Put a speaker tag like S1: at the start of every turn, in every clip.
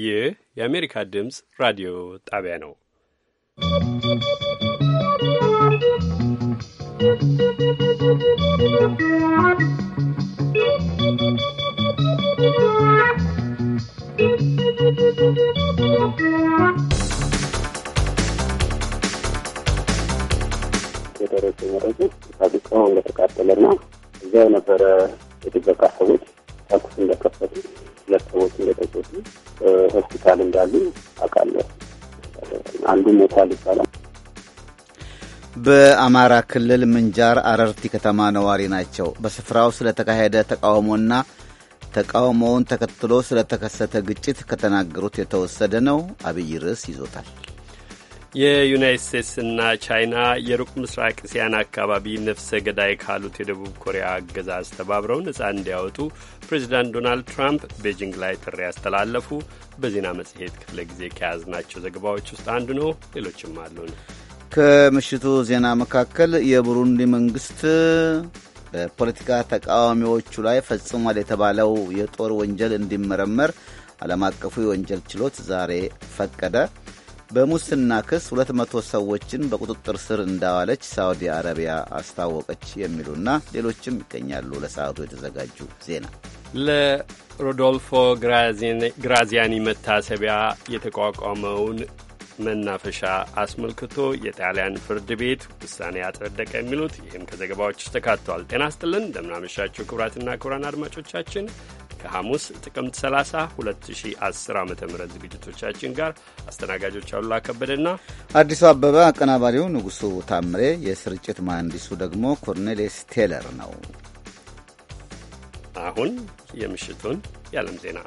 S1: ይህ የአሜሪካ ድምፅ ራዲዮ ጣቢያ ነው።
S2: የደረሱ መረጆች ፋብሪካው እንደተቃጠለና
S3: እዚያው ነበረ የጥበቃ ሰዎች ተኩስ እንደከፈቱ ሁለት ሰዎች እንደተጎዱ ሆስፒታል እንዳሉ አውቃለሁ። አንዱ ሞቷል ይባላል።
S4: በአማራ ክልል ምንጃር አረርቲ ከተማ ነዋሪ ናቸው። በስፍራው ስለተካሄደ ተቃውሞና ተቃውሞውን ተከትሎ ስለተከሰተ ግጭት ከተናገሩት የተወሰደ ነው። አብይ ርዕስ ይዞታል።
S1: የዩናይት ስቴትስና ቻይና የሩቅ ምስራቅ እስያን አካባቢ ነፍሰ ገዳይ ካሉት የደቡብ ኮሪያ አገዛዝ ተባብረው ነፃ እንዲያወጡ ፕሬዚዳንት ዶናልድ ትራምፕ ቤጂንግ ላይ ጥሪ ያስተላለፉ በዜና መጽሔት ክፍለ ጊዜ ከያዝናቸው ዘገባዎች ውስጥ አንዱ ነው። ሌሎችም አሉን።
S4: ከምሽቱ ዜና መካከል የቡሩንዲ መንግስት በፖለቲካ ተቃዋሚዎቹ ላይ ፈጽሟል የተባለው የጦር ወንጀል እንዲመረመር ዓለም አቀፉ የወንጀል ችሎት ዛሬ ፈቀደ። በሙስና ክስ 200 ሰዎችን በቁጥጥር ስር እንዳዋለች ሳውዲ አረቢያ አስታወቀች የሚሉና ሌሎችም ይገኛሉ። ለሰዓቱ የተዘጋጁ ዜና
S1: ለሮዶልፎ ግራዚያኒ መታሰቢያ የተቋቋመውን መናፈሻ አስመልክቶ የጣሊያን ፍርድ ቤት ውሳኔ ያጸደቀ የሚሉት ይህም ከዘገባዎች ተካቷል። ጤና ስጥልን እንደምናመሻቸው ክቡራትና ክቡራን አድማጮቻችን ከሐሙስ ጥቅምት 30 2010 ዓ ም ዝግጅቶቻችን ጋር አስተናጋጆች አሉላ ከበደና
S4: አዲሱ አበበ፣ አቀናባሪው ንጉሱ ታምሬ፣ የስርጭት መሐንዲሱ ደግሞ ኮርኔሌስ ቴለር
S1: ነው። አሁን የምሽቱን የዓለም ዜና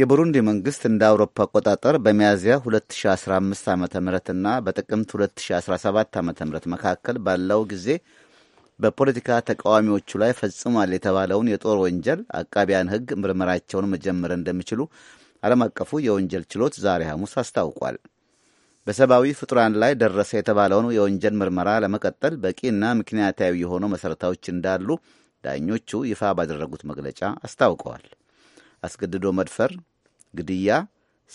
S4: የቡሩንዲ መንግስት እንደ አውሮፓ አቆጣጠር በሚያዝያ 2015 ዓ ምና እና በጥቅምት 2017 ዓ ም መካከል ባለው ጊዜ በፖለቲካ ተቃዋሚዎቹ ላይ ፈጽሟል የተባለውን የጦር ወንጀል አቃቢያን ሕግ ምርመራቸውን መጀመር እንደሚችሉ ዓለም አቀፉ የወንጀል ችሎት ዛሬ ሐሙስ አስታውቋል። በሰብአዊ ፍጡራን ላይ ደረሰ የተባለውን የወንጀል ምርመራ ለመቀጠል በቂና ምክንያታዊ የሆኑ መሠረታዎች እንዳሉ ዳኞቹ ይፋ ባደረጉት መግለጫ አስታውቀዋል። አስገድዶ መድፈር፣ ግድያ፣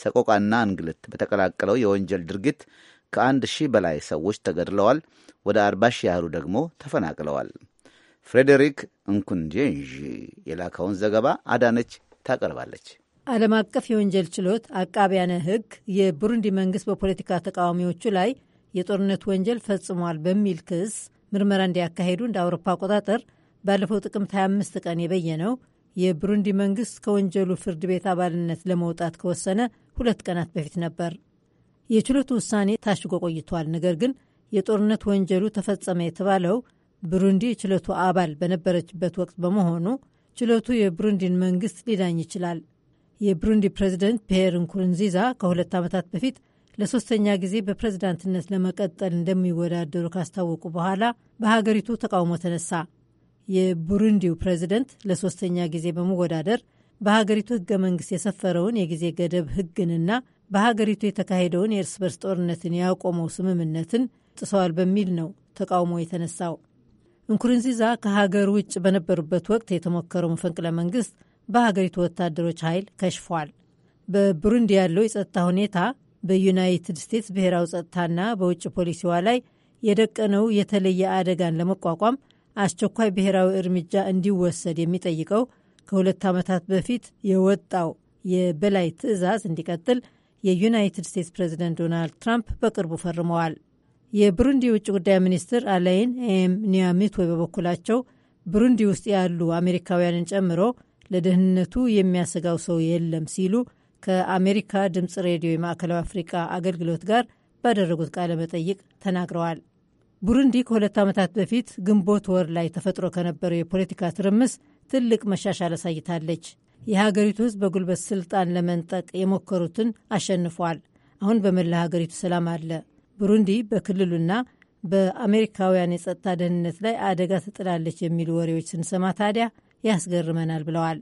S4: ሰቆቃና እንግልት በተቀላቀለው የወንጀል ድርጊት ከአንድ ሺህ በላይ ሰዎች ተገድለዋል። ወደ አርባ ሺህ ያህሉ ደግሞ ተፈናቅለዋል። ፍሬዴሪክ እንኩንጄንዥ የላከውን ዘገባ አዳነች ታቀርባለች።
S5: ዓለም አቀፍ የወንጀል ችሎት አቃቢያነ ሕግ የቡሩንዲ መንግስት በፖለቲካ ተቃዋሚዎቹ ላይ የጦርነት ወንጀል ፈጽሟል በሚል ክስ ምርመራ እንዲያካሄዱ እንደ አውሮፓ አቆጣጠር ባለፈው ጥቅምት 25 ቀን የበየነው የብሩንዲ መንግስት ከወንጀሉ ፍርድ ቤት አባልነት ለመውጣት ከወሰነ ሁለት ቀናት በፊት ነበር። የችሎቱ ውሳኔ ታሽጎ ቆይቷል። ነገር ግን የጦርነት ወንጀሉ ተፈጸመ የተባለው ብሩንዲ የችሎቱ አባል በነበረችበት ወቅት በመሆኑ ችሎቱ የብሩንዲን መንግስት ሊዳኝ ይችላል። የብሩንዲ ፕሬዚደንት ፒየር ንኩሩንዚዛ ከሁለት ዓመታት በፊት ለሶስተኛ ጊዜ በፕሬዝዳንትነት ለመቀጠል እንደሚወዳደሩ ካስታወቁ በኋላ በሀገሪቱ ተቃውሞ ተነሳ። የቡሩንዲው ፕሬዚደንት ለሶስተኛ ጊዜ በመወዳደር በሀገሪቱ ህገ መንግስት የሰፈረውን የጊዜ ገደብ ህግንና በሀገሪቱ የተካሄደውን የእርስ በርስ ጦርነትን ያቆመው ስምምነትን ጥሰዋል በሚል ነው ተቃውሞ የተነሳው። እንኩርንዚዛ ከሀገር ውጭ በነበሩበት ወቅት የተሞከረው መፈንቅለ መንግስት በሀገሪቱ ወታደሮች ኃይል ከሽፏል። በብሩንዲ ያለው የጸጥታ ሁኔታ በዩናይትድ ስቴትስ ብሔራዊ ጸጥታና በውጭ ፖሊሲዋ ላይ የደቀነው የተለየ አደጋን ለመቋቋም አስቸኳይ ብሔራዊ እርምጃ እንዲወሰድ የሚጠይቀው ከሁለት ዓመታት በፊት የወጣው የበላይ ትዕዛዝ እንዲቀጥል የዩናይትድ ስቴትስ ፕሬዚደንት ዶናልድ ትራምፕ በቅርቡ ፈርመዋል። የብሩንዲ ውጭ ጉዳይ ሚኒስትር አላይን ኤም ወይ በበኩላቸው ብሩንዲ ውስጥ ያሉ አሜሪካውያንን ጨምሮ ለደህንነቱ የሚያሰጋው ሰው የለም ሲሉ ከአሜሪካ ድምፅ ሬዲዮ የማዕከላዊ አፍሪቃ አገልግሎት ጋር ባደረጉት ቃለ መጠይቅ ተናግረዋል። ቡሩንዲ ከሁለት ዓመታት በፊት ግንቦት ወር ላይ ተፈጥሮ ከነበረው የፖለቲካ ትርምስ ትልቅ መሻሻል አሳይታለች። የሀገሪቱ ህዝብ በጉልበት ስልጣን ለመንጠቅ የሞከሩትን አሸንፏል። አሁን በመላ ሀገሪቱ ሰላም አለ። ብሩንዲ በክልሉና በአሜሪካውያን የጸጥታ ደህንነት ላይ አደጋ ትጥላለች የሚሉ ወሬዎች ስንሰማ ታዲያ ያስገርመናል ብለዋል።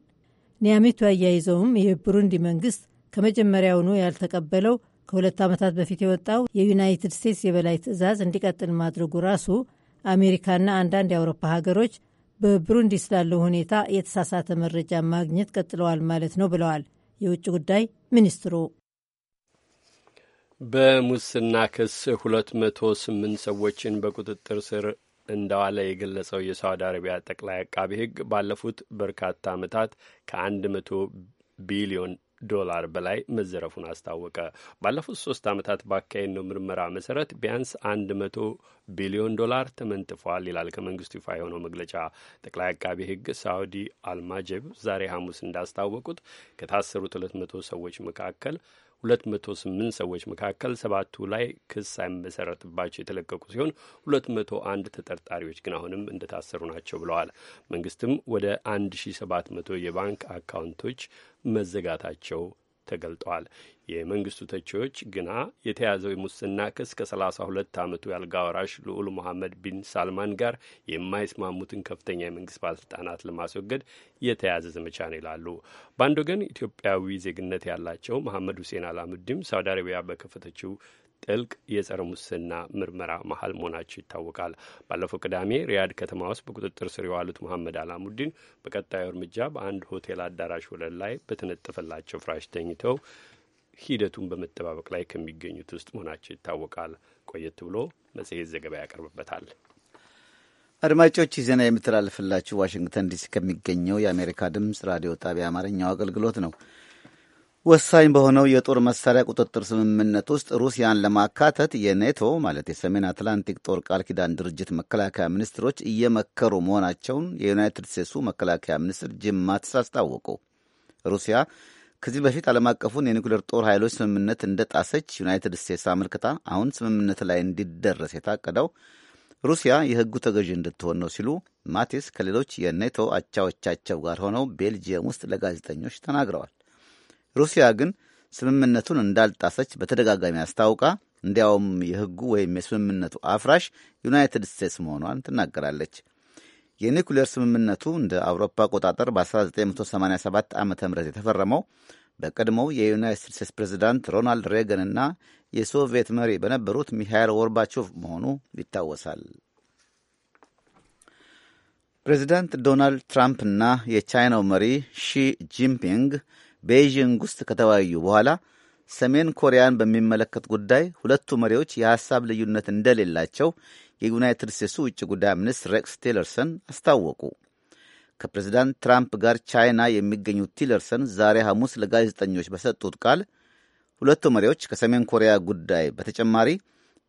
S5: ኒያሚቱ አያይዘውም የብሩንዲ መንግስት ከመጀመሪያውኑ ያልተቀበለው ከሁለት ዓመታት በፊት የወጣው የዩናይትድ ስቴትስ የበላይ ትዕዛዝ እንዲቀጥል ማድረጉ ራሱ አሜሪካና አንዳንድ የአውሮፓ ሀገሮች በብሩንዲ ስላለው ሁኔታ የተሳሳተ መረጃ ማግኘት ቀጥለዋል ማለት ነው ብለዋል የውጭ ጉዳይ ሚኒስትሩ።
S1: በሙስና ክስ ሁለት መቶ ስምንት ሰዎችን በቁጥጥር ስር እንደዋለ የገለጸው የሳውዲ አረቢያ ጠቅላይ አቃቢ ሕግ ባለፉት በርካታ ዓመታት ከአንድ መቶ ቢሊዮን ዶላር በላይ መዘረፉን አስታወቀ። ባለፉት ሶስት ዓመታት ባካሄድ ነው ምርመራ መሰረት ቢያንስ አንድ መቶ ቢሊዮን ዶላር ተመንጥፏል ይላል ከመንግስቱ ይፋ የሆነው መግለጫ። ጠቅላይ አቃቢ ሕግ ሳውዲ አልማጀብ ዛሬ ሐሙስ እንዳስታወቁት ከታሰሩት ሁለት መቶ ሰዎች መካከል 208 ሰዎች መካከል ሰባቱ ላይ ክስ ሳይመሰረትባቸው የተለቀቁ ሲሆን 201 ተጠርጣሪዎች ግን አሁንም እንደታሰሩ ናቸው ብለዋል። መንግስትም ወደ 1700 የባንክ አካውንቶች መዘጋታቸው ተገልጠዋል። የመንግስቱ ተቺዎች ግና የተያዘው የሙስና ክስ ከሰላሳ ሁለት ዓመቱ የአልጋ ወራሽ ልዑል መሐመድ ቢን ሳልማን ጋር የማይስማሙትን ከፍተኛ የመንግስት ባለስልጣናት ለማስወገድ የተያዘ ዘመቻ ነው ይላሉ። በአንድ ወገን ኢትዮጵያዊ ዜግነት ያላቸው መሐመድ ሁሴን አላሙዲም ሳውዲ አረቢያ በከፈተችው ጥልቅ የጸረ ሙስና ምርመራ መሀል መሆናቸው ይታወቃል። ባለፈው ቅዳሜ ሪያድ ከተማ ውስጥ በቁጥጥር ስር የዋሉት መሐመድ አላሙዲን በቀጣዩ እርምጃ በአንድ ሆቴል አዳራሽ ወለል ላይ በተነጠፈላቸው ፍራሽ ተኝተው ሂደቱን በመጠባበቅ ላይ ከሚገኙት ውስጥ መሆናቸው ይታወቃል። ቆየት ብሎ መጽሔት ዘገባ ያቀርብበታል።
S4: አድማጮች ዜና የምትላልፍላችሁ ዋሽንግተን ዲሲ ከሚገኘው የአሜሪካ ድምፅ ራዲዮ ጣቢያ አማርኛው አገልግሎት ነው። ወሳኝ በሆነው የጦር መሳሪያ ቁጥጥር ስምምነት ውስጥ ሩሲያን ለማካተት የኔቶ ማለት የሰሜን አትላንቲክ ጦር ቃል ኪዳን ድርጅት መከላከያ ሚኒስትሮች እየመከሩ መሆናቸውን የዩናይትድ ስቴትሱ መከላከያ ሚኒስትር ጂም ማትስ አስታወቁ። ሩሲያ ከዚህ በፊት ዓለም አቀፉን የኒኩሌር ጦር ኃይሎች ስምምነት እንደ ጣሰች ዩናይትድ ስቴትስ አመልክታ አሁን ስምምነት ላይ እንዲደረስ የታቀደው ሩሲያ የሕጉ ተገዥ እንድትሆን ነው ሲሉ ማቲስ ከሌሎች የኔቶ አቻዎቻቸው ጋር ሆነው ቤልጅየም ውስጥ ለጋዜጠኞች ተናግረዋል። ሩሲያ ግን ስምምነቱን እንዳልጣሰች በተደጋጋሚ አስታውቃ እንዲያውም የሕጉ ወይም የስምምነቱ አፍራሽ ዩናይትድ ስቴትስ መሆኗን ትናገራለች። የኒኩሌር ስምምነቱ እንደ አውሮፓ አቆጣጠር በ1987 ዓ ም የተፈረመው በቀድሞው የዩናይት ስቴትስ ፕሬዚዳንት ሮናልድ ሬገን እና የሶቪየት መሪ በነበሩት ሚሃይል ወርባቾቭ መሆኑ ይታወሳል። ፕሬዚዳንት ዶናልድ ትራምፕና የቻይናው መሪ ሺ ጂንፒንግ ቤይዥንግ ውስጥ ከተወያዩ በኋላ ሰሜን ኮሪያን በሚመለከት ጉዳይ ሁለቱ መሪዎች የሐሳብ ልዩነት እንደሌላቸው የዩናይትድ ስቴትሱ ውጭ ጉዳይ ሚኒስትር ሬክስ ቲለርሰን አስታወቁ። ከፕሬዚዳንት ትራምፕ ጋር ቻይና የሚገኙት ቲለርሰን ዛሬ ሐሙስ ለጋዜጠኞች በሰጡት ቃል ሁለቱ መሪዎች ከሰሜን ኮሪያ ጉዳይ በተጨማሪ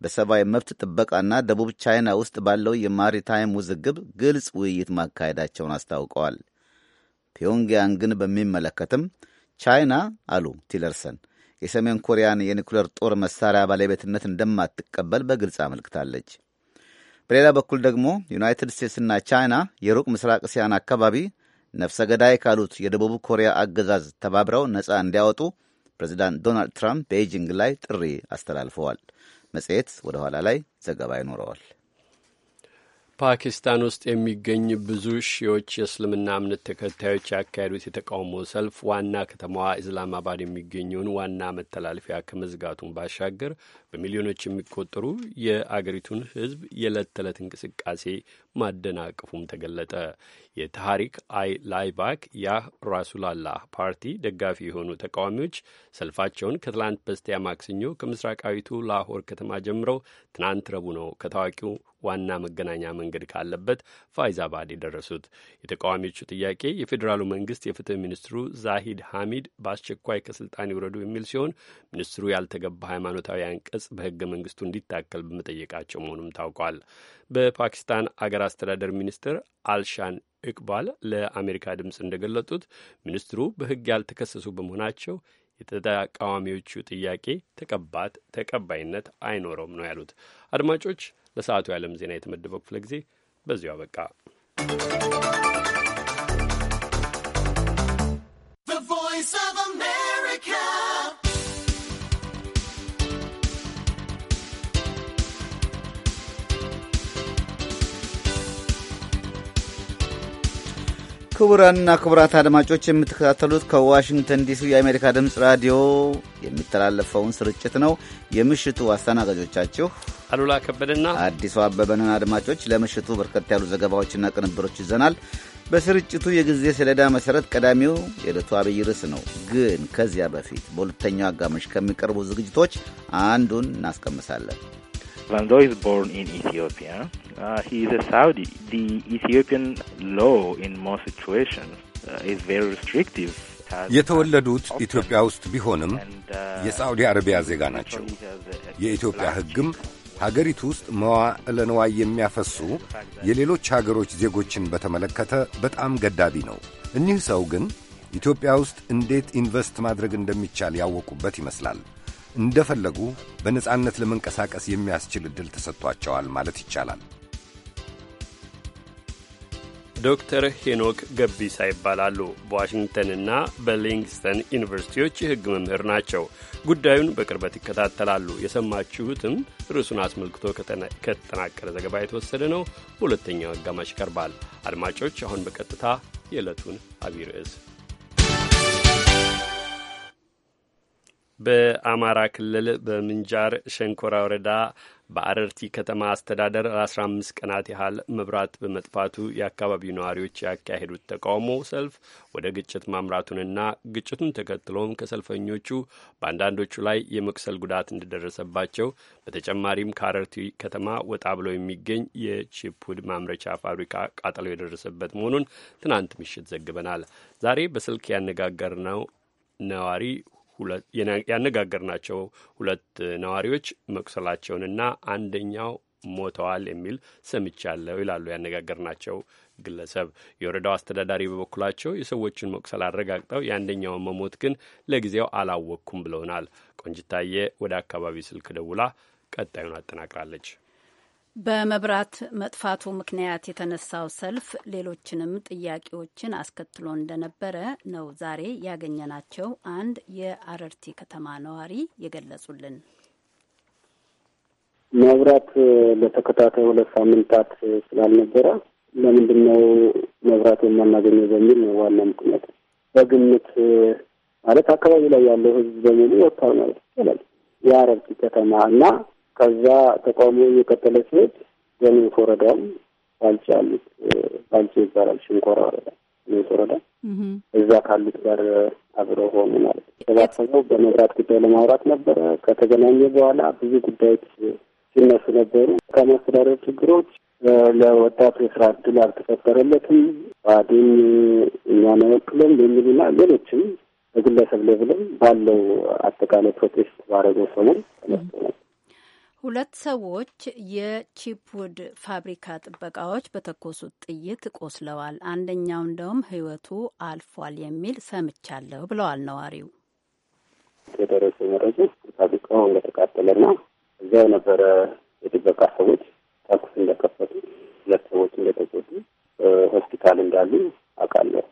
S4: በሰብአዊ መብት ጥበቃና ደቡብ ቻይና ውስጥ ባለው የማሪታይም ውዝግብ ግልጽ ውይይት ማካሄዳቸውን አስታውቀዋል። ግን በሚመለከትም ቻይና አሉ ቲለርሰን የሰሜን ኮሪያን የኒኩሌር ጦር መሳሪያ ባለቤትነት እንደማትቀበል በግልጽ አመልክታለች። በሌላ በኩል ደግሞ ዩናይትድ ስቴትስና ቻይና የሩቅ ምስራቅ እስያን አካባቢ ነፍሰ ገዳይ ካሉት የደቡብ ኮሪያ አገዛዝ ተባብረው ነፃ እንዲያወጡ ፕሬዚዳንት ዶናልድ ትራምፕ ቤጂንግ ላይ ጥሪ አስተላልፈዋል። መጽሔት ወደ ኋላ ላይ ዘገባ ይኖረዋል።
S1: ፓኪስታን ውስጥ የሚገኝ ብዙ ሺዎች የእስልምና እምነት ተከታዮች ያካሄዱት የተቃውሞ ሰልፍ ዋና ከተማዋ ኢስላማባድ የሚገኘውን ዋና መተላለፊያ ከመዝጋቱን ባሻገር በሚሊዮኖች የሚቆጠሩ የአገሪቱን ሕዝብ የዕለት ተዕለት እንቅስቃሴ ማደናቀፉም ተገለጠ። የታሪክ አይ ላይባክ ያህ ራሱላላ ፓርቲ ደጋፊ የሆኑ ተቃዋሚዎች ሰልፋቸውን ከትላንት በስቲያ ማክሰኞ ከምስራቃዊቱ ላሆር ከተማ ጀምረው ትናንት ረቡዕ ነው ከታዋቂው ዋና መገናኛ መንገድ ካለበት ፋይዛባድ የደረሱት። የተቃዋሚዎቹ ጥያቄ የፌዴራሉ መንግስት የፍትህ ሚኒስትሩ ዛሂድ ሐሚድ በአስቸኳይ ከስልጣን ይውረዱ የሚል ሲሆን ሚኒስትሩ ያልተገባ ሃይማኖታዊ አንቀጽ አመፅ በህገ መንግስቱ እንዲታከል በመጠየቃቸው መሆኑም ታውቋል። በፓኪስታን አገር አስተዳደር ሚኒስትር አልሻን እቅባል ለአሜሪካ ድምፅ እንደገለጡት ሚኒስትሩ በህግ ያልተከሰሱ በመሆናቸው የተቃዋሚዎቹ ጥያቄ ተቀባት ተቀባይነት አይኖረውም ነው ያሉት። አድማጮች፣ ለሰዓቱ የዓለም ዜና የተመደበው ክፍለ ጊዜ በዚሁ አበቃ።
S4: ክቡራንና ክቡራት አድማጮች የምትከታተሉት ከዋሽንግተን ዲሲ የአሜሪካ ድምፅ ራዲዮ የሚተላለፈውን ስርጭት ነው። የምሽቱ አስተናጋጆቻችሁ
S1: አሉላ ከበደና
S4: አዲሱ አበበንን። አድማጮች ለምሽቱ በርከት ያሉ ዘገባዎችና ቅንብሮች ይዘናል። በስርጭቱ የጊዜ ሰሌዳ መሰረት ቀዳሚው የዕለቱ አብይ ርዕስ ነው። ግን ከዚያ በፊት በሁለተኛው አጋማሽ ከሚቀርቡ ዝግጅቶች አንዱን እናስቀምሳለን። Vando is born
S1: in Ethiopia. Uh, he is a
S6: Saudi. The Ethiopian law in most situations uh, is very restrictive. የተወለዱት ኢትዮጵያ ውስጥ ቢሆንም uh, የሳዑዲ አረቢያ ዜጋ ናቸው። የኢትዮጵያ ሕግም ሀገሪቱ ውስጥ መዋዕለ ንዋይ የሚያፈሱ የሌሎች ሀገሮች ዜጎችን በተመለከተ በጣም ገዳቢ ነው። እኒህ ሰው ግን ኢትዮጵያ ውስጥ እንዴት ኢንቨስት ማድረግ እንደሚቻል ያወቁበት ይመስላል። እንደፈለጉ በነጻነት ለመንቀሳቀስ የሚያስችል ዕድል ተሰጥቷቸዋል ማለት ይቻላል።
S1: ዶክተር ሄኖክ ገቢሳ ይባላሉ። በዋሽንግተንና በሊንግስተን ዩኒቨርሲቲዎች የሕግ መምህር ናቸው። ጉዳዩን በቅርበት ይከታተላሉ። የሰማችሁትም ርዕሱን አስመልክቶ ከተጠናቀረ ዘገባ የተወሰደ ነው። በሁለተኛው አጋማሽ ይቀርባል። አድማጮች፣ አሁን በቀጥታ የዕለቱን አብይ ርዕስ በአማራ ክልል በምንጃር ሸንኮራ ወረዳ በአረርቲ ከተማ አስተዳደር ለ15 ቀናት ያህል መብራት በመጥፋቱ የአካባቢው ነዋሪዎች ያካሄዱት ተቃውሞ ሰልፍ ወደ ግጭት ማምራቱንና ግጭቱን ተከትሎም ከሰልፈኞቹ በአንዳንዶቹ ላይ የመቁሰል ጉዳት እንደደረሰባቸው በተጨማሪም ከአረርቲ ከተማ ወጣ ብሎ የሚገኝ የቺፕውድ ማምረቻ ፋብሪካ ቃጠሎ የደረሰበት መሆኑን ትናንት ምሽት ዘግበናል። ዛሬ በስልክ ያነጋገርነው ነዋሪ ያነጋገርናቸው ሁለት ነዋሪዎች መቁሰላቸውንና አንደኛው ሞተዋል የሚል ሰምቻለሁ ይላሉ ያነጋገርናቸው ግለሰብ። የወረዳው አስተዳዳሪ በበኩላቸው የሰዎቹን መቁሰል አረጋግጠው የአንደኛውን መሞት ግን ለጊዜው አላወቅኩም ብለውናል። ቆንጅታዬ ወደ አካባቢው ስልክ ደውላ ቀጣዩን አጠናቅራለች።
S2: በመብራት መጥፋቱ ምክንያት የተነሳው ሰልፍ ሌሎችንም ጥያቄዎችን አስከትሎ እንደነበረ ነው ዛሬ ያገኘናቸው አንድ የአረርቲ ከተማ ነዋሪ የገለጹልን።
S3: መብራት ለተከታታይ ሁለት ሳምንታት ስላልነበረ ለምንድን ነው መብራት የማናገኘው በሚል ነው ዋና ምክንያት። በግምት ማለት አካባቢ ላይ ያለው ህዝብ በሙሉ ወጥቷል ማለት ይቻላል። የአረርቲ ከተማ እና ከዛ ተቃውሞ እየቀጠለ ሲሄድ ዘሚን ወረዳም ባልቼ አሉት ባልቼ ይባላል ሽንኮራ ወረዳ ሜት ወረዳ እዛ ካሉት ጋር አብረው ሆኑ ማለት ነው። ተባሰበው በመብራት ጉዳይ ለማውራት ነበረ። ከተገናኘ በኋላ ብዙ ጉዳዮች ሲነሱ ነበሩ። ከማስተዳደር ችግሮች ለወጣቱ የስራ እድል አልተፈጠረለትም፣ ባድን እኛን አይወክልም የሚሉና ሌሎችም በግለሰብ ሌብልም ባለው አጠቃላይ ፕሮቴስት ባረገው ሰሞን ተነስቶ ነበር።
S2: ሁለት ሰዎች የቺፕውድ ፋብሪካ ጥበቃዎች በተኮሱት ጥይት ቆስለዋል። አንደኛው እንደውም ሕይወቱ አልፏል የሚል ሰምቻለሁ ብለዋል ነዋሪው።
S3: የደረሱ መረጃ ፋብሪካው እንደተቃጠለና እዚያ የነበረ የጥበቃ ሰዎች ተኩስ እንደከፈቱ፣ ሁለት ሰዎች እንደተጎዱ፣ ሆስፒታል እንዳሉ አውቃለሁ።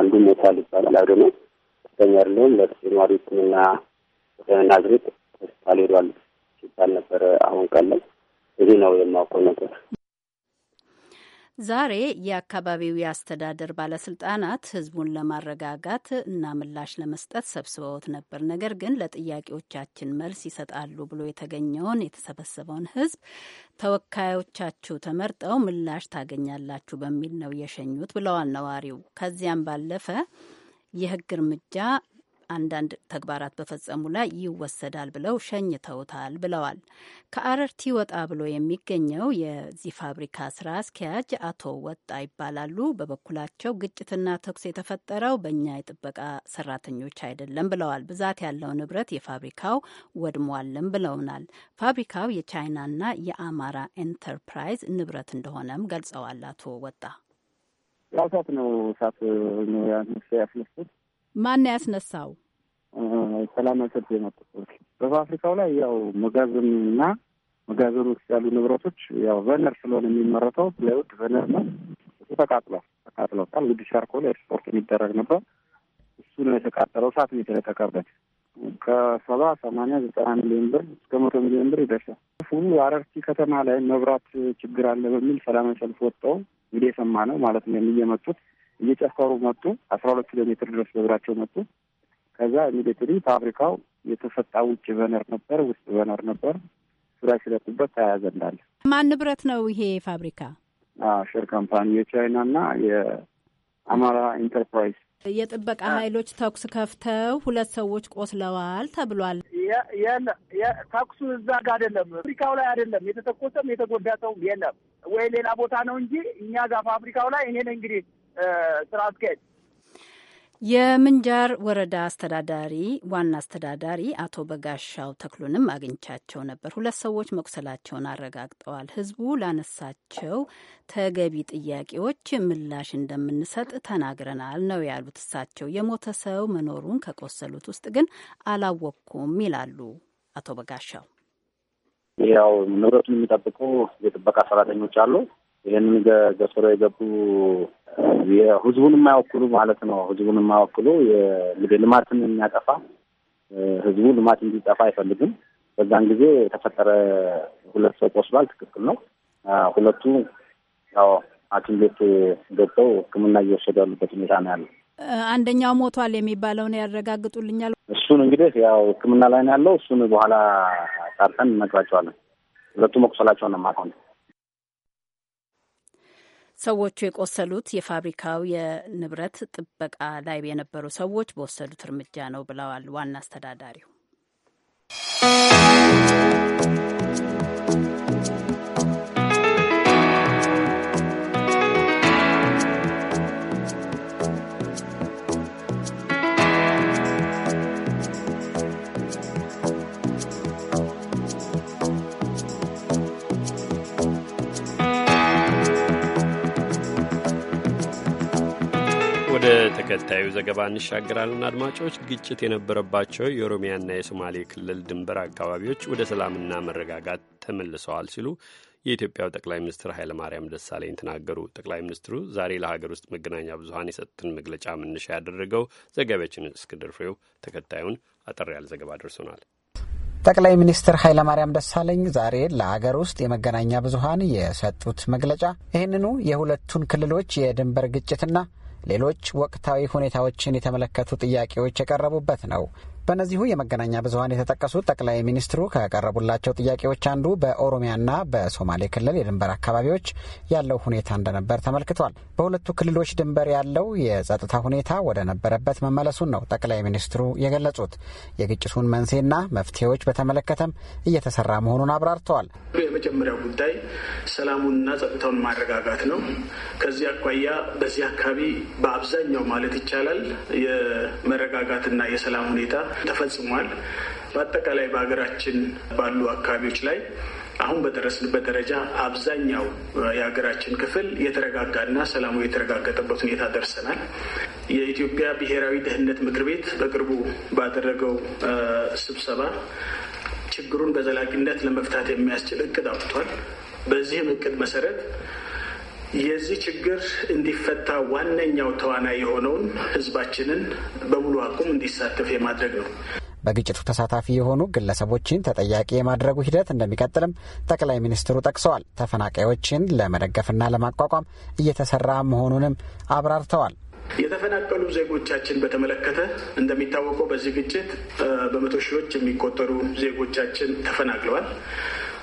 S3: አንዱ ሞታል ይባላል። አብደሞ ተኛርለውም ለተጨማሪ ሕክምና ናዝሬት ሆስፒታል ሄዷል። ሲባል ነበረ። አሁን ቀለም ይህ ነው የማውቀው
S7: ነገር።
S2: ዛሬ የአካባቢው የአስተዳደር ባለስልጣናት ህዝቡን ለማረጋጋት እና ምላሽ ለመስጠት ሰብስበውት ነበር። ነገር ግን ለጥያቄዎቻችን መልስ ይሰጣሉ ብሎ የተገኘውን የተሰበሰበውን ህዝብ ተወካዮቻችሁ ተመርጠው ምላሽ ታገኛላችሁ በሚል ነው የሸኙት ብለዋል ነዋሪው። ከዚያም ባለፈ የህግ እርምጃ አንዳንድ ተግባራት በፈጸሙ ላይ ይወሰዳል ብለው ሸኝተውታል ብለዋል። ከአረርቲ ወጣ ብሎ የሚገኘው የዚህ ፋብሪካ ስራ አስኪያጅ አቶ ወጣ ይባላሉ። በበኩላቸው ግጭትና ተኩስ የተፈጠረው በእኛ የጥበቃ ሰራተኞች አይደለም ብለዋል። ብዛት ያለው ንብረት የፋብሪካው ወድሟልም ብለውናል። ፋብሪካው የቻይናና የአማራ ኤንተርፕራይዝ ንብረት እንደሆነም ገልጸዋል። አቶ ወጣ
S3: ያው እሳት ነው እሳት ያስነሱት።
S2: ማን ያስነሳው?
S3: ሰላማዊ ሰልፍ የመጡት በፋብሪካው ላይ ያው መጋዘን እና መጋዘን ውስጥ ያሉ ንብረቶች ያው ቨነር ስለሆነ የሚመረተው ለውድ ቨነር ነው። እሱ ተቃጥሏል ተቃጥለውታል። ውድ ሻርኮ ላይ ኤክስፖርት የሚደረግ ነበር። እሱ ነው የተቃጠለው። እሳት ነው የተለቀቀበት። ከሰባ ሰማንያ ዘጠና ሚሊዮን ብር እስከ መቶ ሚሊዮን ብር ይደርሳል። ሁሉ አረርቲ ከተማ ላይ መብራት ችግር አለ በሚል ሰላማዊ ሰልፍ ወጥተው እንግዲህ የሰማ ነው ማለት ነው። እየመጡት እየጨፈሩ መጡ። አስራ ሁለት ኪሎ ሜትር ድረስ በእግራቸው መጡ። ከዛ ኢሚዲትሊ ፋብሪካው የተሰጣ ውጭ በነር ነበር፣ ውስጥ በነር ነበር። ስራ ሲለቁበት ተያያዘ እንዳለ።
S2: ማን ንብረት ነው ይሄ ፋብሪካ?
S3: ሼር ካምፓኒ የቻይና እና የአማራ ኢንተርፕራይዝ
S2: የጥበቃ ኃይሎች ተኩስ ከፍተው ሁለት ሰዎች ቆስለዋል ተብሏል።
S3: ተኩሱ እዛ ጋ አይደለም፣ ፋብሪካው ላይ አይደለም የተተኮሰም የተጎዳ ሰውም የለም ወይ ሌላ ቦታ ነው እንጂ እኛ ጋር ፋብሪካው ላይ እኔ እንግዲህ ስራ አስኪያጅ
S2: የምንጃር ወረዳ አስተዳዳሪ ዋና አስተዳዳሪ አቶ በጋሻው ተክሉንም አግኝቻቸው ነበር። ሁለት ሰዎች መቁሰላቸውን አረጋግጠዋል። ህዝቡ ላነሳቸው ተገቢ ጥያቄዎች ምላሽ እንደምንሰጥ ተናግረናል ነው ያሉት እሳቸው። የሞተ ሰው መኖሩን ከቆሰሉት ውስጥ ግን አላወቅኩም ይላሉ አቶ በጋሻው።
S3: ያው ንብረቱን የሚጠብቁ የጥበቃ ሰራተኞች አሉ ይህንን ገሰሮ የገቡ የህዝቡን የማይወክሉ ማለት ነው። ህዝቡን የማይወክሉ እንግዲህ ልማትን የሚያጠፋ ህዝቡ ልማት እንዲጠፋ አይፈልግም። በዛን ጊዜ የተፈጠረ ሁለት ሰው ቆስሏል። ትክክል ነው። ሁለቱ ያው ሐኪም ቤት ገብተው ሕክምና እየወሰዱ ያሉበት ሁኔታ ነው ያለው።
S2: አንደኛው ሞቷል የሚባለውን ያረጋግጡልኛል።
S3: እሱን እንግዲህ ያው ሕክምና ላይ ነው ያለው። እሱን በኋላ ጣርተን እነግራቸዋለን። ሁለቱ መቁሰላቸውን ነው የማውቀው
S2: ሰዎቹ የቆሰሉት የፋብሪካው የንብረት ጥበቃ ላይ የነበሩ ሰዎች በወሰዱት እርምጃ ነው ብለዋል ዋና አስተዳዳሪው።
S1: ተከታዩ ዘገባ እንሻገራለን። አድማጮች ግጭት የነበረባቸው የኦሮሚያና የሶማሌ ክልል ድንበር አካባቢዎች ወደ ሰላምና መረጋጋት ተመልሰዋል ሲሉ የኢትዮጵያው ጠቅላይ ሚኒስትር ኃይለማርያም ደሳለኝ ተናገሩ። ጠቅላይ ሚኒስትሩ ዛሬ ለሀገር ውስጥ መገናኛ ብዙኃን የሰጡትን መግለጫ መነሻ ያደረገው ዘጋቢያችን እስክንድር ፍሬው ተከታዩን አጠር ያለ ዘገባ ደርሶናል።
S8: ጠቅላይ ሚኒስትር ኃይለማርያም ደሳለኝ ዛሬ ለሀገር ውስጥ የመገናኛ ብዙኃን የሰጡት መግለጫ ይህንኑ የሁለቱን ክልሎች የድንበር ግጭትና ሌሎች ወቅታዊ ሁኔታዎችን የተመለከቱ ጥያቄዎች የቀረቡበት ነው። በእነዚሁ የመገናኛ ብዙኃን የተጠቀሱት ጠቅላይ ሚኒስትሩ ከቀረቡላቸው ጥያቄዎች አንዱ በኦሮሚያና በሶማሌ ክልል የድንበር አካባቢዎች ያለው ሁኔታ እንደነበር ተመልክቷል። በሁለቱ ክልሎች ድንበር ያለው የጸጥታ ሁኔታ ወደ ነበረበት መመለሱን ነው ጠቅላይ ሚኒስትሩ የገለጹት። የግጭቱን መንስኤና መፍትሄዎች በተመለከተም እየተሰራ መሆኑን አብራርተዋል።
S9: የመጀመሪያው ጉዳይ ሰላሙንና ጸጥታውን ማረጋጋት ነው። ከዚህ አኳያ በዚህ አካባቢ በአብዛኛው ማለት ይቻላል የመረጋጋትና የሰላም ሁኔታ ተፈጽሟል። በአጠቃላይ በሀገራችን ባሉ አካባቢዎች ላይ አሁን በደረስንበት ደረጃ አብዛኛው የሀገራችን ክፍል የተረጋጋና ሰላሙ የተረጋገጠበት ሁኔታ ደርሰናል። የኢትዮጵያ ብሔራዊ ደህንነት ምክር ቤት በቅርቡ ባደረገው ስብሰባ ችግሩን በዘላቂነት ለመፍታት የሚያስችል እቅድ አውጥቷል። በዚህም እቅድ መሰረት የዚህ ችግር እንዲፈታ ዋነኛው ተዋናይ የሆነውን ህዝባችንን በሙሉ አቁም እንዲሳተፍ
S8: የማድረግ ነው። በግጭቱ ተሳታፊ የሆኑ ግለሰቦችን ተጠያቂ የማድረጉ ሂደት እንደሚቀጥልም ጠቅላይ ሚኒስትሩ ጠቅሰዋል። ተፈናቃዮችን ለመደገፍና ለማቋቋም እየተሰራ መሆኑንም አብራርተዋል።
S9: የተፈናቀሉ ዜጎቻችን በተመለከተ እንደሚታወቀው በዚህ ግጭት በመቶ ሺዎች የሚቆጠሩ ዜጎቻችን ተፈናቅለዋል።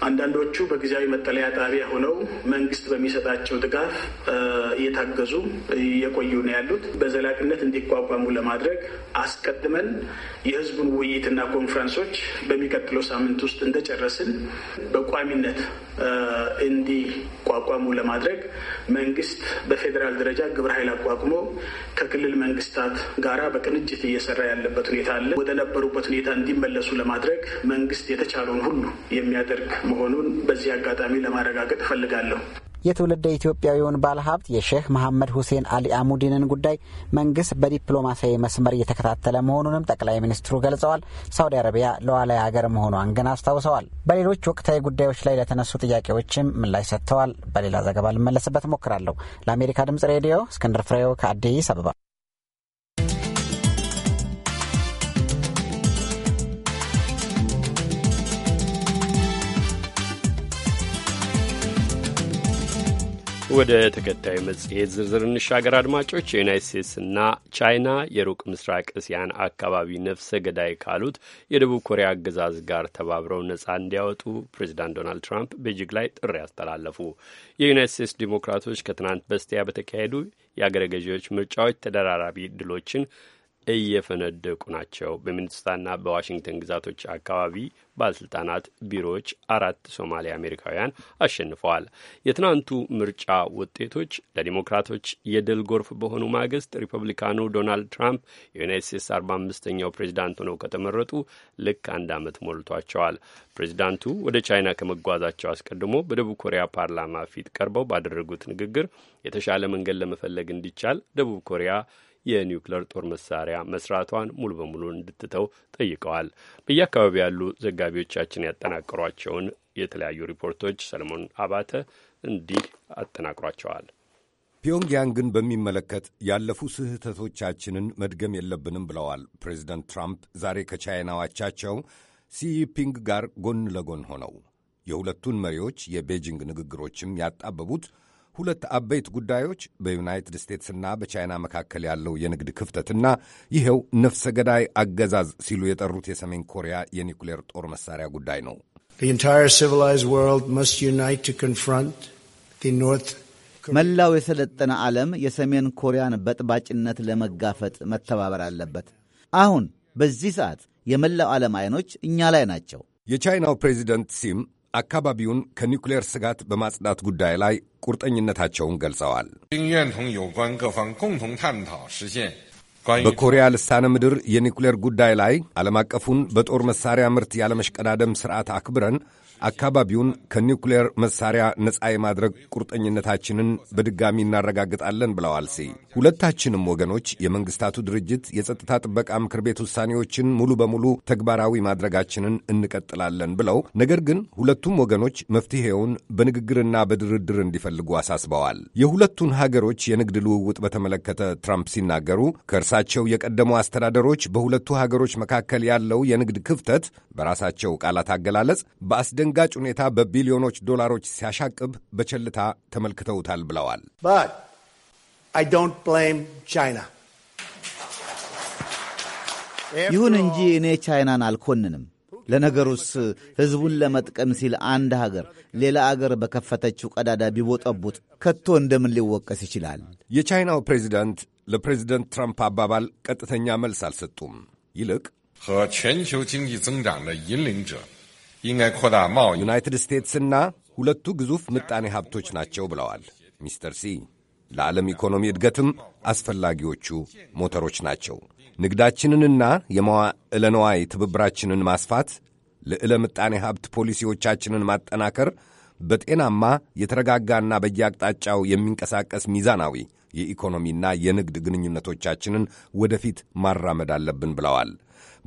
S9: አንዳንዶቹ በጊዜያዊ መጠለያ ጣቢያ ሆነው መንግስት በሚሰጣቸው ድጋፍ እየታገዙ እየቆዩ ነው ያሉት። በዘላቂነት እንዲቋቋሙ ለማድረግ አስቀድመን የህዝቡን ውይይትና ኮንፈረንሶች በሚቀጥለው ሳምንት ውስጥ እንደጨረስን በቋሚነት እንዲቋቋሙ ለማድረግ መንግስት በፌዴራል ደረጃ ግብረ ኃይል አቋቁሞ ከክልል መንግስታት ጋራ በቅንጅት እየሰራ ያለበት ሁኔታ አለ። ወደ ነበሩበት ሁኔታ እንዲመለሱ ለማድረግ መንግስት የተቻለውን ሁሉ የሚያደርግ መሆኑን በዚህ አጋጣሚ ለማረጋገጥ እፈልጋለሁ።
S8: የትውልደ ኢትዮጵያዊውን ባለሀብት የሼህ መሐመድ ሁሴን አሊ አሙዲንን ጉዳይ መንግስት በዲፕሎማሲያዊ መስመር እየተከታተለ መሆኑንም ጠቅላይ ሚኒስትሩ ገልጸዋል። ሳውዲ አረቢያ ሉዓላዊ ሀገር መሆኗን ግን አስታውሰዋል። በሌሎች ወቅታዊ ጉዳዮች ላይ ለተነሱ ጥያቄዎችም ምላሽ ሰጥተዋል። በሌላ ዘገባ ልመለስበት ሞክራለሁ። ለአሜሪካ ድምጽ ሬዲዮ እስክንድር ፍሬው ከአዲስ አበባ
S1: ወደ ተከታዩ መጽሔት ዝርዝር እንሻገር። አድማጮች የዩናይት ስቴትስና ቻይና የሩቅ ምስራቅ እስያን አካባቢ ነፍሰ ገዳይ ካሉት የደቡብ ኮሪያ አገዛዝ ጋር ተባብረው ነጻ እንዲያወጡ ፕሬዚዳንት ዶናልድ ትራምፕ ቤጂንግ ላይ ጥሪ አስተላለፉ። የዩናይት ስቴትስ ዲሞክራቶች ከትናንት በስቲያ በተካሄዱ የአገረ ገዢዎች ምርጫዎች ተደራራቢ ድሎችን እየፈነደቁ ናቸው። በሚኒሶታና በዋሽንግተን ግዛቶች አካባቢ ባለሥልጣናት ቢሮዎች አራት ሶማሌ አሜሪካውያን አሸንፈዋል። የትናንቱ ምርጫ ውጤቶች ለዲሞክራቶች የድል ጎርፍ በሆኑ ማግስት ሪፐብሊካኑ ዶናልድ ትራምፕ የዩናይት ስቴትስ አርባ አምስተኛው ፕሬዚዳንት ሆነው ከተመረጡ ልክ አንድ ዓመት ሞልቷቸዋል። ፕሬዚዳንቱ ወደ ቻይና ከመጓዛቸው አስቀድሞ በደቡብ ኮሪያ ፓርላማ ፊት ቀርበው ባደረጉት ንግግር የተሻለ መንገድ ለመፈለግ እንዲቻል ደቡብ ኮሪያ የኒውክለር ጦር መሳሪያ መስራቷን ሙሉ በሙሉ እንድትተው ጠይቀዋል። በየአካባቢ ያሉ ዘጋቢዎቻችን ያጠናቀሯቸውን የተለያዩ ሪፖርቶች ሰለሞን አባተ እንዲህ አጠናቅሯቸዋል።
S6: ፒዮንግያንግን በሚመለከት ያለፉ ስህተቶቻችንን መድገም የለብንም ብለዋል ፕሬዚደንት ትራምፕ ዛሬ ከቻይናዋቻቸው ሲፒንግ ጋር ጎን ለጎን ሆነው የሁለቱን መሪዎች የቤጂንግ ንግግሮችም ያጣበቡት ሁለት አበይት ጉዳዮች በዩናይትድ ስቴትስና በቻይና መካከል ያለው የንግድ ክፍተትና ይኸው ነፍሰ ገዳይ አገዛዝ ሲሉ የጠሩት የሰሜን ኮሪያ የኒውክሌር ጦር መሳሪያ ጉዳይ ነው።
S4: መላው የሰለጠነ ዓለም የሰሜን ኮሪያን በጥባጭነት ለመጋፈጥ መተባበር አለበት። አሁን በዚህ ሰዓት የመላው ዓለም አይኖች እኛ ላይ ናቸው።
S6: የቻይናው ፕሬዚደንት ሲም አካባቢውን ከኒውክሌር ስጋት በማጽዳት ጉዳይ ላይ ቁርጠኝነታቸውን ገልጸዋል። በኮሪያ ልሳነ ምድር የኒውክሌር ጉዳይ ላይ ዓለም አቀፉን በጦር መሳሪያ ምርት ያለመሽቀዳደም ስርዓት አክብረን አካባቢውን ከኒውክሌር መሳሪያ ነፃ የማድረግ ቁርጠኝነታችንን በድጋሚ እናረጋግጣለን ብለዋል ሲ ሁለታችንም ወገኖች የመንግስታቱ ድርጅት የጸጥታ ጥበቃ ምክር ቤት ውሳኔዎችን ሙሉ በሙሉ ተግባራዊ ማድረጋችንን እንቀጥላለን ብለው፣ ነገር ግን ሁለቱም ወገኖች መፍትሔውን በንግግርና በድርድር እንዲፈልጉ አሳስበዋል። የሁለቱን ሀገሮች የንግድ ልውውጥ በተመለከተ ትራምፕ ሲናገሩ ከእርሳቸው የቀደሙ አስተዳደሮች በሁለቱ ሀገሮች መካከል ያለው የንግድ ክፍተት በራሳቸው ቃላት አገላለጽ በአስደን በአስደንጋጭ ሁኔታ በቢሊዮኖች ዶላሮች ሲያሻቅብ በቸልታ ተመልክተውታል ብለዋል።
S10: ይሁን
S4: እንጂ እኔ ቻይናን አልኮንንም። ለነገሩስ ሕዝቡን ለመጥቀም ሲል አንድ ሀገር ሌላ አገር በከፈተችው ቀዳዳ
S6: ቢቦጠቡት ከቶ እንደምን ሊወቀስ ይችላል? የቻይናው ፕሬዚዳንት ለፕሬዚደንት ትራምፕ አባባል ቀጥተኛ መልስ አልሰጡም። ይልቅ ዩናይትድ ስቴትስና ሁለቱ ግዙፍ ምጣኔ ሀብቶች ናቸው ብለዋል ሚስተር ሲ። ለዓለም ኢኮኖሚ እድገትም አስፈላጊዎቹ ሞተሮች ናቸው። ንግዳችንንና የመዋዕለ ንዋይ ትብብራችንን ማስፋት፣ ልዕለ ምጣኔ ሀብት ፖሊሲዎቻችንን ማጠናከር፣ በጤናማ የተረጋጋና በየአቅጣጫው የሚንቀሳቀስ ሚዛናዊ የኢኮኖሚና የንግድ ግንኙነቶቻችንን ወደፊት ማራመድ አለብን ብለዋል።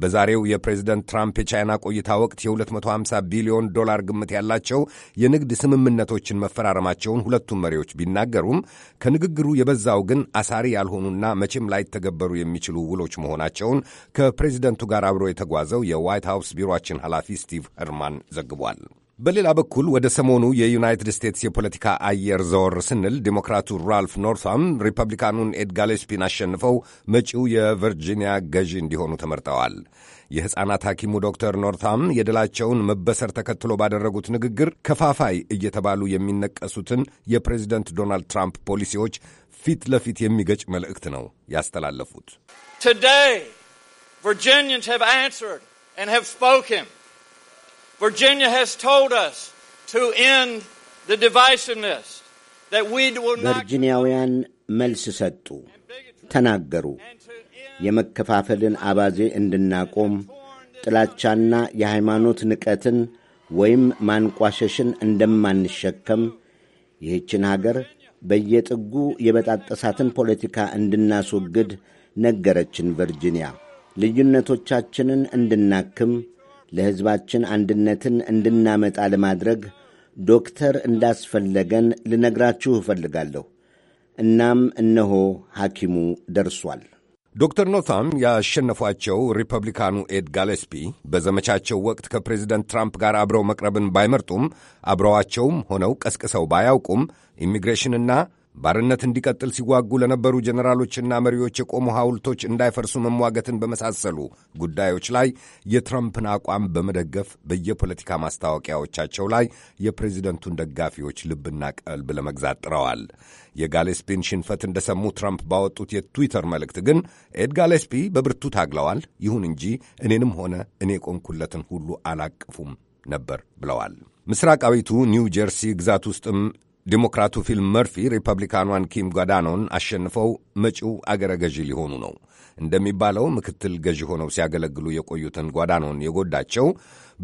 S6: በዛሬው የፕሬዚደንት ትራምፕ የቻይና ቆይታ ወቅት የ250 ቢሊዮን ዶላር ግምት ያላቸው የንግድ ስምምነቶችን መፈራረማቸውን ሁለቱም መሪዎች ቢናገሩም ከንግግሩ የበዛው ግን አሳሪ ያልሆኑና መቼም ላይተገበሩ የሚችሉ ውሎች መሆናቸውን ከፕሬዚደንቱ ጋር አብሮ የተጓዘው የዋይት ሃውስ ቢሮችን ኃላፊ ስቲቭ ሄርማን ዘግቧል። በሌላ በኩል ወደ ሰሞኑ የዩናይትድ ስቴትስ የፖለቲካ አየር ዘወር ስንል ዴሞክራቱ ራልፍ ኖርታም ሪፐብሊካኑን ኤድ ጋሌስፒን አሸንፈው መጪው የቨርጂኒያ ገዢ እንዲሆኑ ተመርጠዋል። የሕፃናት ሐኪሙ ዶክተር ኖርታም የድላቸውን መበሰር ተከትሎ ባደረጉት ንግግር ከፋፋይ እየተባሉ የሚነቀሱትን የፕሬዚደንት ዶናልድ ትራምፕ ፖሊሲዎች ፊት ለፊት የሚገጭ መልእክት ነው
S1: ያስተላለፉት። ቱዴይ ቨርጂኒያንስ ሃቭ አንሰርድ ሃቭ ስፖክን ቨርጂኒያውያን
S10: መልስ ሰጡ፣ ተናገሩ። የመከፋፈልን አባዜ እንድናቆም ጥላቻና የሃይማኖት ንቀትን ወይም ማንቋሸሽን እንደማንሸከም ይህችን አገር በየጥጉ የበጣጠሳትን ፖለቲካ እንድናስወግድ ነገረችን ቨርጂኒያ። ልዩነቶቻችንን እንድናክም ለሕዝባችን አንድነትን እንድናመጣ ለማድረግ ዶክተር እንዳስፈለገን ልነግራችሁ እፈልጋለሁ። እናም እነሆ ሐኪሙ ደርሷል።
S6: ዶክተር ኖታም ያሸነፏቸው ሪፐብሊካኑ ኤድ ጋሌስፒ በዘመቻቸው ወቅት ከፕሬዚደንት ትራምፕ ጋር አብረው መቅረብን ባይመርጡም አብረዋቸውም ሆነው ቀስቅሰው ባያውቁም ኢሚግሬሽንና ባርነት እንዲቀጥል ሲዋጉ ለነበሩ ጀኔራሎችና መሪዎች የቆሙ ሐውልቶች እንዳይፈርሱ መሟገትን በመሳሰሉ ጉዳዮች ላይ የትረምፕን አቋም በመደገፍ በየፖለቲካ ማስታወቂያዎቻቸው ላይ የፕሬዚደንቱን ደጋፊዎች ልብና ቀልብ ለመግዛት ጥረዋል። የጋሌስፒን ሽንፈት እንደሰሙ ትራምፕ ባወጡት የትዊተር መልእክት ግን ኤድ ጋሌስፒ በብርቱ ታግለዋል፣ ይሁን እንጂ እኔንም ሆነ እኔ ቆንኩለትን ሁሉ አላቅፉም ነበር ብለዋል። ምስራቃዊቱ ኒው ጀርሲ ግዛት ውስጥም ዲሞክራቱ ፊልም መርፊ ሪፐብሊካኗን ኪም ጓዳኖን አሸንፈው መጪው አገረ ገዢ ሊሆኑ ነው። እንደሚባለው ምክትል ገዢ ሆነው ሲያገለግሉ የቆዩትን ጓዳኖን የጎዳቸው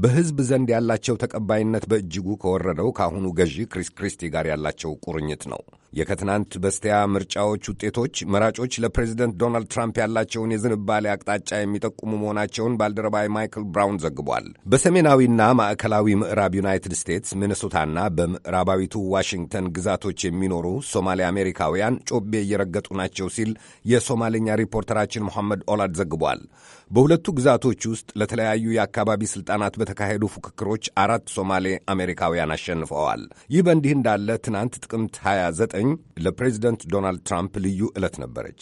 S6: በሕዝብ ዘንድ ያላቸው ተቀባይነት በእጅጉ ከወረደው ከአሁኑ ገዢ ክሪስ ክሪስቲ ጋር ያላቸው ቁርኝት ነው። የከትናንት በስቲያ ምርጫዎች ውጤቶች መራጮች ለፕሬዚደንት ዶናልድ ትራምፕ ያላቸውን የዝንባሌ አቅጣጫ የሚጠቁሙ መሆናቸውን ባልደረባዊ ማይክል ብራውን ዘግቧል። በሰሜናዊና ማዕከላዊ ምዕራብ ዩናይትድ ስቴትስ ሚኒሶታና በምዕራባዊቱ ዋሽንግተን ግዛቶች የሚኖሩ ሶማሌ አሜሪካውያን ጮቤ እየረገጡ ናቸው ሲል የሶማሌኛ ሪፖርተራችን መሐመድ ኦላድ ዘግቧል። በሁለቱ ግዛቶች ውስጥ ለተለያዩ የአካባቢ ስልጣናት በተካሄዱ ፉክክሮች አራት ሶማሌ አሜሪካውያን አሸንፈዋል። ይህ በእንዲህ እንዳለ ትናንት ጥቅምት 29 ለፕሬዚደንት ዶናልድ ትራምፕ ልዩ ዕለት ነበረች።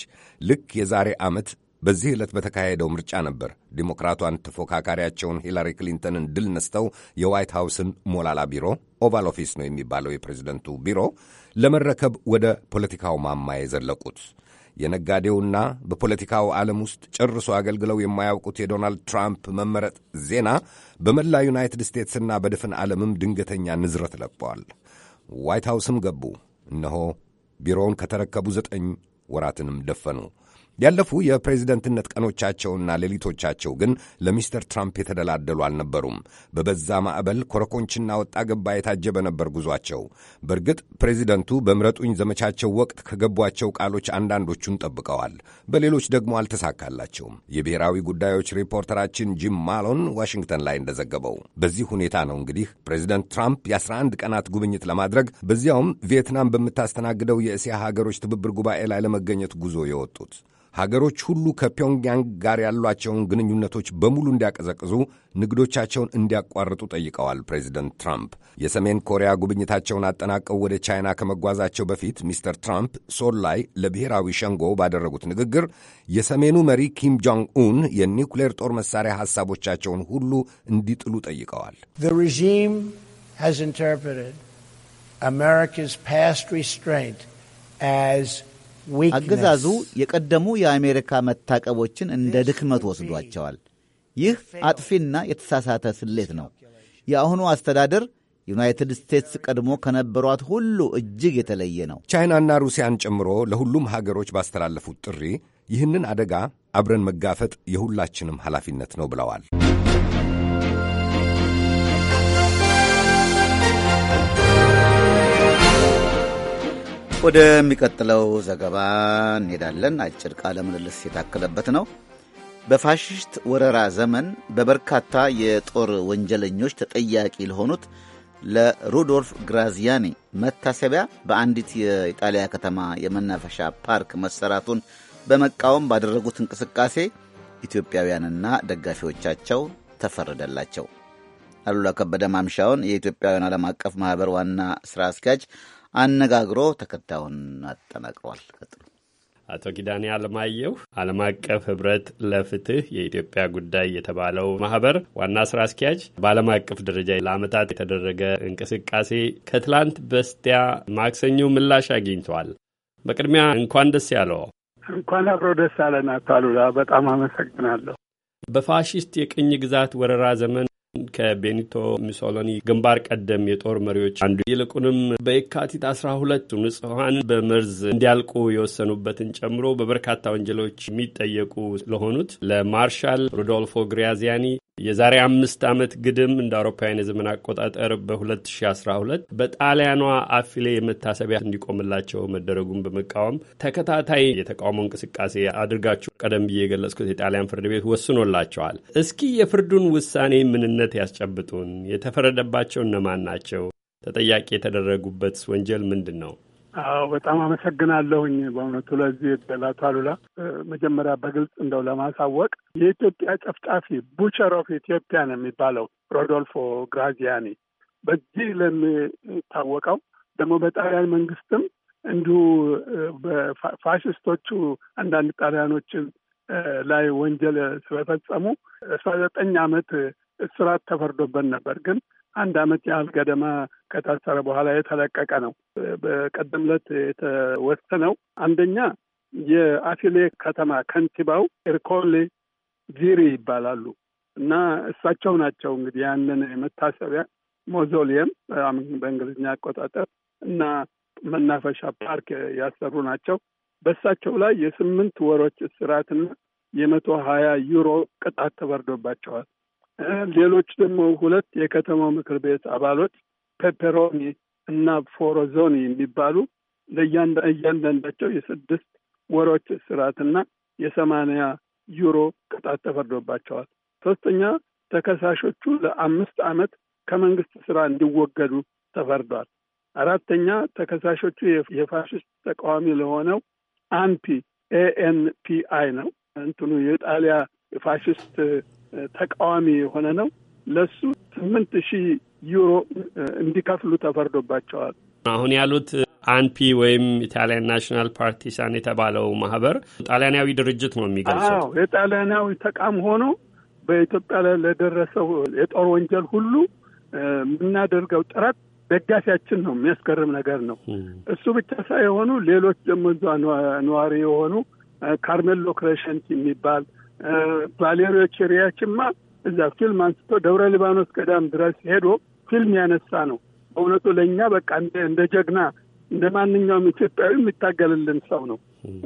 S6: ልክ የዛሬ ዓመት በዚህ ዕለት በተካሄደው ምርጫ ነበር ዲሞክራቷን ተፎካካሪያቸውን ሂላሪ ክሊንተንን ድል ነስተው የዋይት ሃውስን ሞላላ ቢሮ ኦቫል ኦፊስ ነው የሚባለው የፕሬዚደንቱ ቢሮ ለመረከብ ወደ ፖለቲካው ማማ የዘለቁት። የነጋዴውና በፖለቲካው ዓለም ውስጥ ጨርሶ አገልግለው የማያውቁት የዶናልድ ትራምፕ መመረጥ ዜና በመላ ዩናይትድ ስቴትስና በድፍን ዓለምም ድንገተኛ ንዝረት ለቀዋል። ዋይት ሃውስም ገቡ። እነሆ ቢሮውን ከተረከቡ ዘጠኝ ወራትንም ደፈኑ። ያለፉ የፕሬዝደንትነት ቀኖቻቸውና ሌሊቶቻቸው ግን ለሚስተር ትራምፕ የተደላደሉ አልነበሩም። በበዛ ማዕበል ኮረኮንችና ወጣ ገባ የታጀበ ነበር ጉዟቸው። በእርግጥ ፕሬዚደንቱ በምረጡኝ ዘመቻቸው ወቅት ከገቧቸው ቃሎች አንዳንዶቹን ጠብቀዋል፣ በሌሎች ደግሞ አልተሳካላቸውም። የብሔራዊ ጉዳዮች ሪፖርተራችን ጂም ማሎን ዋሽንግተን ላይ እንደዘገበው በዚህ ሁኔታ ነው እንግዲህ ፕሬዚደንት ትራምፕ የ11 ቀናት ጉብኝት ለማድረግ በዚያውም ቪየትናም በምታስተናግደው የእስያ ሀገሮች ትብብር ጉባኤ ላይ ለመገኘት ጉዞ የወጡት። ሀገሮች ሁሉ ከፒዮንግያንግ ጋር ያሏቸውን ግንኙነቶች በሙሉ እንዲያቀዘቅዙ፣ ንግዶቻቸውን እንዲያቋርጡ ጠይቀዋል። ፕሬዚደንት ትራምፕ የሰሜን ኮሪያ ጉብኝታቸውን አጠናቀው ወደ ቻይና ከመጓዛቸው በፊት ሚስተር ትራምፕ ሶል ላይ ለብሔራዊ ሸንጎ ባደረጉት ንግግር የሰሜኑ መሪ ኪም ጆንግ ኡን የኒውክሌር ጦር መሳሪያ ሐሳቦቻቸውን ሁሉ እንዲጥሉ ጠይቀዋል።
S9: America's
S10: past አገዛዙ
S4: የቀደሙ የአሜሪካ መታቀቦችን እንደ ድክመት ወስዷቸዋል። ይህ አጥፊና የተሳሳተ ስሌት ነው። የአሁኑ አስተዳደር ዩናይትድ ስቴትስ ቀድሞ ከነበሯት ሁሉ
S6: እጅግ የተለየ ነው። ቻይናና ሩሲያን ጨምሮ ለሁሉም ሀገሮች ባስተላለፉት ጥሪ ይህንን አደጋ አብረን መጋፈጥ የሁላችንም ኃላፊነት ነው ብለዋል።
S4: ወደሚቀጥለው ዘገባ እንሄዳለን። አጭር ቃለ ምልልስ የታከለበት ነው። በፋሽስት ወረራ ዘመን በበርካታ የጦር ወንጀለኞች ተጠያቂ ለሆኑት ለሩዶልፍ ግራዚያኒ መታሰቢያ በአንዲት የኢጣሊያ ከተማ የመናፈሻ ፓርክ መሰራቱን በመቃወም ባደረጉት እንቅስቃሴ ኢትዮጵያውያንና ደጋፊዎቻቸው ተፈረደላቸው። አሉላ ከበደ ማምሻውን የኢትዮጵያውያን ዓለም አቀፍ ማኅበር ዋና ሥራ አስኪያጅ አነጋግሮ ተከታዩን አጠናቅሯል። ቀጥሎ
S1: አቶ ኪዳኔ አለማየሁ ዓለም አቀፍ ህብረት ለፍትህ የኢትዮጵያ ጉዳይ የተባለው ማህበር ዋና ስራ አስኪያጅ፣ በዓለም አቀፍ ደረጃ ለአመታት የተደረገ እንቅስቃሴ ከትላንት በስቲያ ማክሰኞ ምላሽ አግኝተዋል። በቅድሚያ እንኳን ደስ ያለው።
S7: እንኳን አብሮ ደስ አለን አቶ አሉላ፣ በጣም አመሰግናለሁ።
S1: በፋሽስት የቅኝ ግዛት ወረራ ዘመን ከቤኒቶ ሙሶሎኒ ግንባር ቀደም የጦር መሪዎች አንዱ ይልቁንም በየካቲት አስራ ሁለቱ ንጹሐን በመርዝ እንዲያልቁ የወሰኑበትን ጨምሮ በበርካታ ወንጀሎች የሚጠየቁ ለሆኑት ለማርሻል ሩዶልፎ ግሪያዚያኒ የዛሬ አምስት ዓመት ግድም እንደ አውሮፓውያን የዘመን አቆጣጠር በ2012 በጣሊያኗ አፊሌ የመታሰቢያ እንዲቆምላቸው መደረጉን በመቃወም ተከታታይ የተቃውሞ እንቅስቃሴ አድርጋችሁ ቀደም ብዬ የገለጽኩት የጣሊያን ፍርድ ቤት ወስኖላቸዋል። እስኪ የፍርዱን ውሳኔ ምንነት ያስጨብጡን። የተፈረደባቸው እነማን ናቸው? ተጠያቂ የተደረጉበት ወንጀል ምንድን ነው?
S7: አዎ በጣም አመሰግናለሁኝ በእውነቱ ለዚህ እድላቱ አሉላ። መጀመሪያ በግልጽ እንደው ለማሳወቅ የኢትዮጵያ ጨፍጫፊ ቡቸር ኦፍ ኢትዮጵያ ነው የሚባለው ሮዶልፎ ግራዚያኒ በዚህ ለሚታወቀው ደግሞ በጣሊያን መንግስትም እንዲሁ በፋሽስቶቹ አንዳንድ ጣሊያኖችን ላይ ወንጀል ስለፈጸሙ አስራ ዘጠኝ ዓመት እስራት ተፈርዶበት ነበር። ግን አንድ አመት ያህል ገደማ ከታሰረ በኋላ የተለቀቀ ነው። በቀደም ዕለት የተወሰነው አንደኛ የአፊሌ ከተማ ከንቲባው ኤርኮሌ ዚሪ ይባላሉ እና እሳቸው ናቸው እንግዲህ ያንን መታሰቢያ ሞዞሊየም በእንግሊዝኛ አቆጣጠር እና መናፈሻ ፓርክ ያሰሩ ናቸው። በእሳቸው ላይ የስምንት ወሮች እስራትና የመቶ ሀያ ዩሮ ቅጣት ተበርዶባቸዋል። ሌሎች ደግሞ ሁለት የከተማው ምክር ቤት አባሎች ፔፐሮኒ እና ፎሮዞኒ የሚባሉ ለእያንዳንዳቸው የስድስት ወሮች እስራትና የሰማንያ ዩሮ ቅጣት ተፈርዶባቸዋል። ሶስተኛ ተከሳሾቹ ለአምስት ዓመት ከመንግስት ስራ እንዲወገዱ ተፈርዷል። አራተኛ ተከሳሾቹ የፋሽስት ተቃዋሚ ለሆነው አንፒ ኤኤንፒአይ ነው እንትኑ የጣሊያ ፋሽስት ተቃዋሚ የሆነ ነው። ለሱ ስምንት ሺህ ዩሮ እንዲከፍሉ ተፈርዶባቸዋል።
S1: አሁን ያሉት አንፒ ወይም ኢታሊያን ናሽናል ፓርቲሳን የተባለው ማህበር ጣሊያናዊ ድርጅት ነው የሚገልጹት።
S7: የጣሊያናዊ ተቋም ሆኖ በኢትዮጵያ ላይ ለደረሰው የጦር ወንጀል ሁሉ የምናደርገው ጥረት ደጋፊያችን ነው። የሚያስገርም ነገር ነው። እሱ ብቻ ሳይሆኑ ሌሎች ደግሞ ነዋሪ የሆኑ ካርሜሎ ክሬሸንት የሚባል ቫሌሪዮ ቼሪያችማ እዛ ፊልም አንስቶ ደብረ ሊባኖስ ገዳም ድረስ ሄዶ ፊልም ያነሳ ነው። በእውነቱ ለእኛ በቃ እንደ ጀግና እንደ ማንኛውም ኢትዮጵያዊ የሚታገልልን ሰው ነው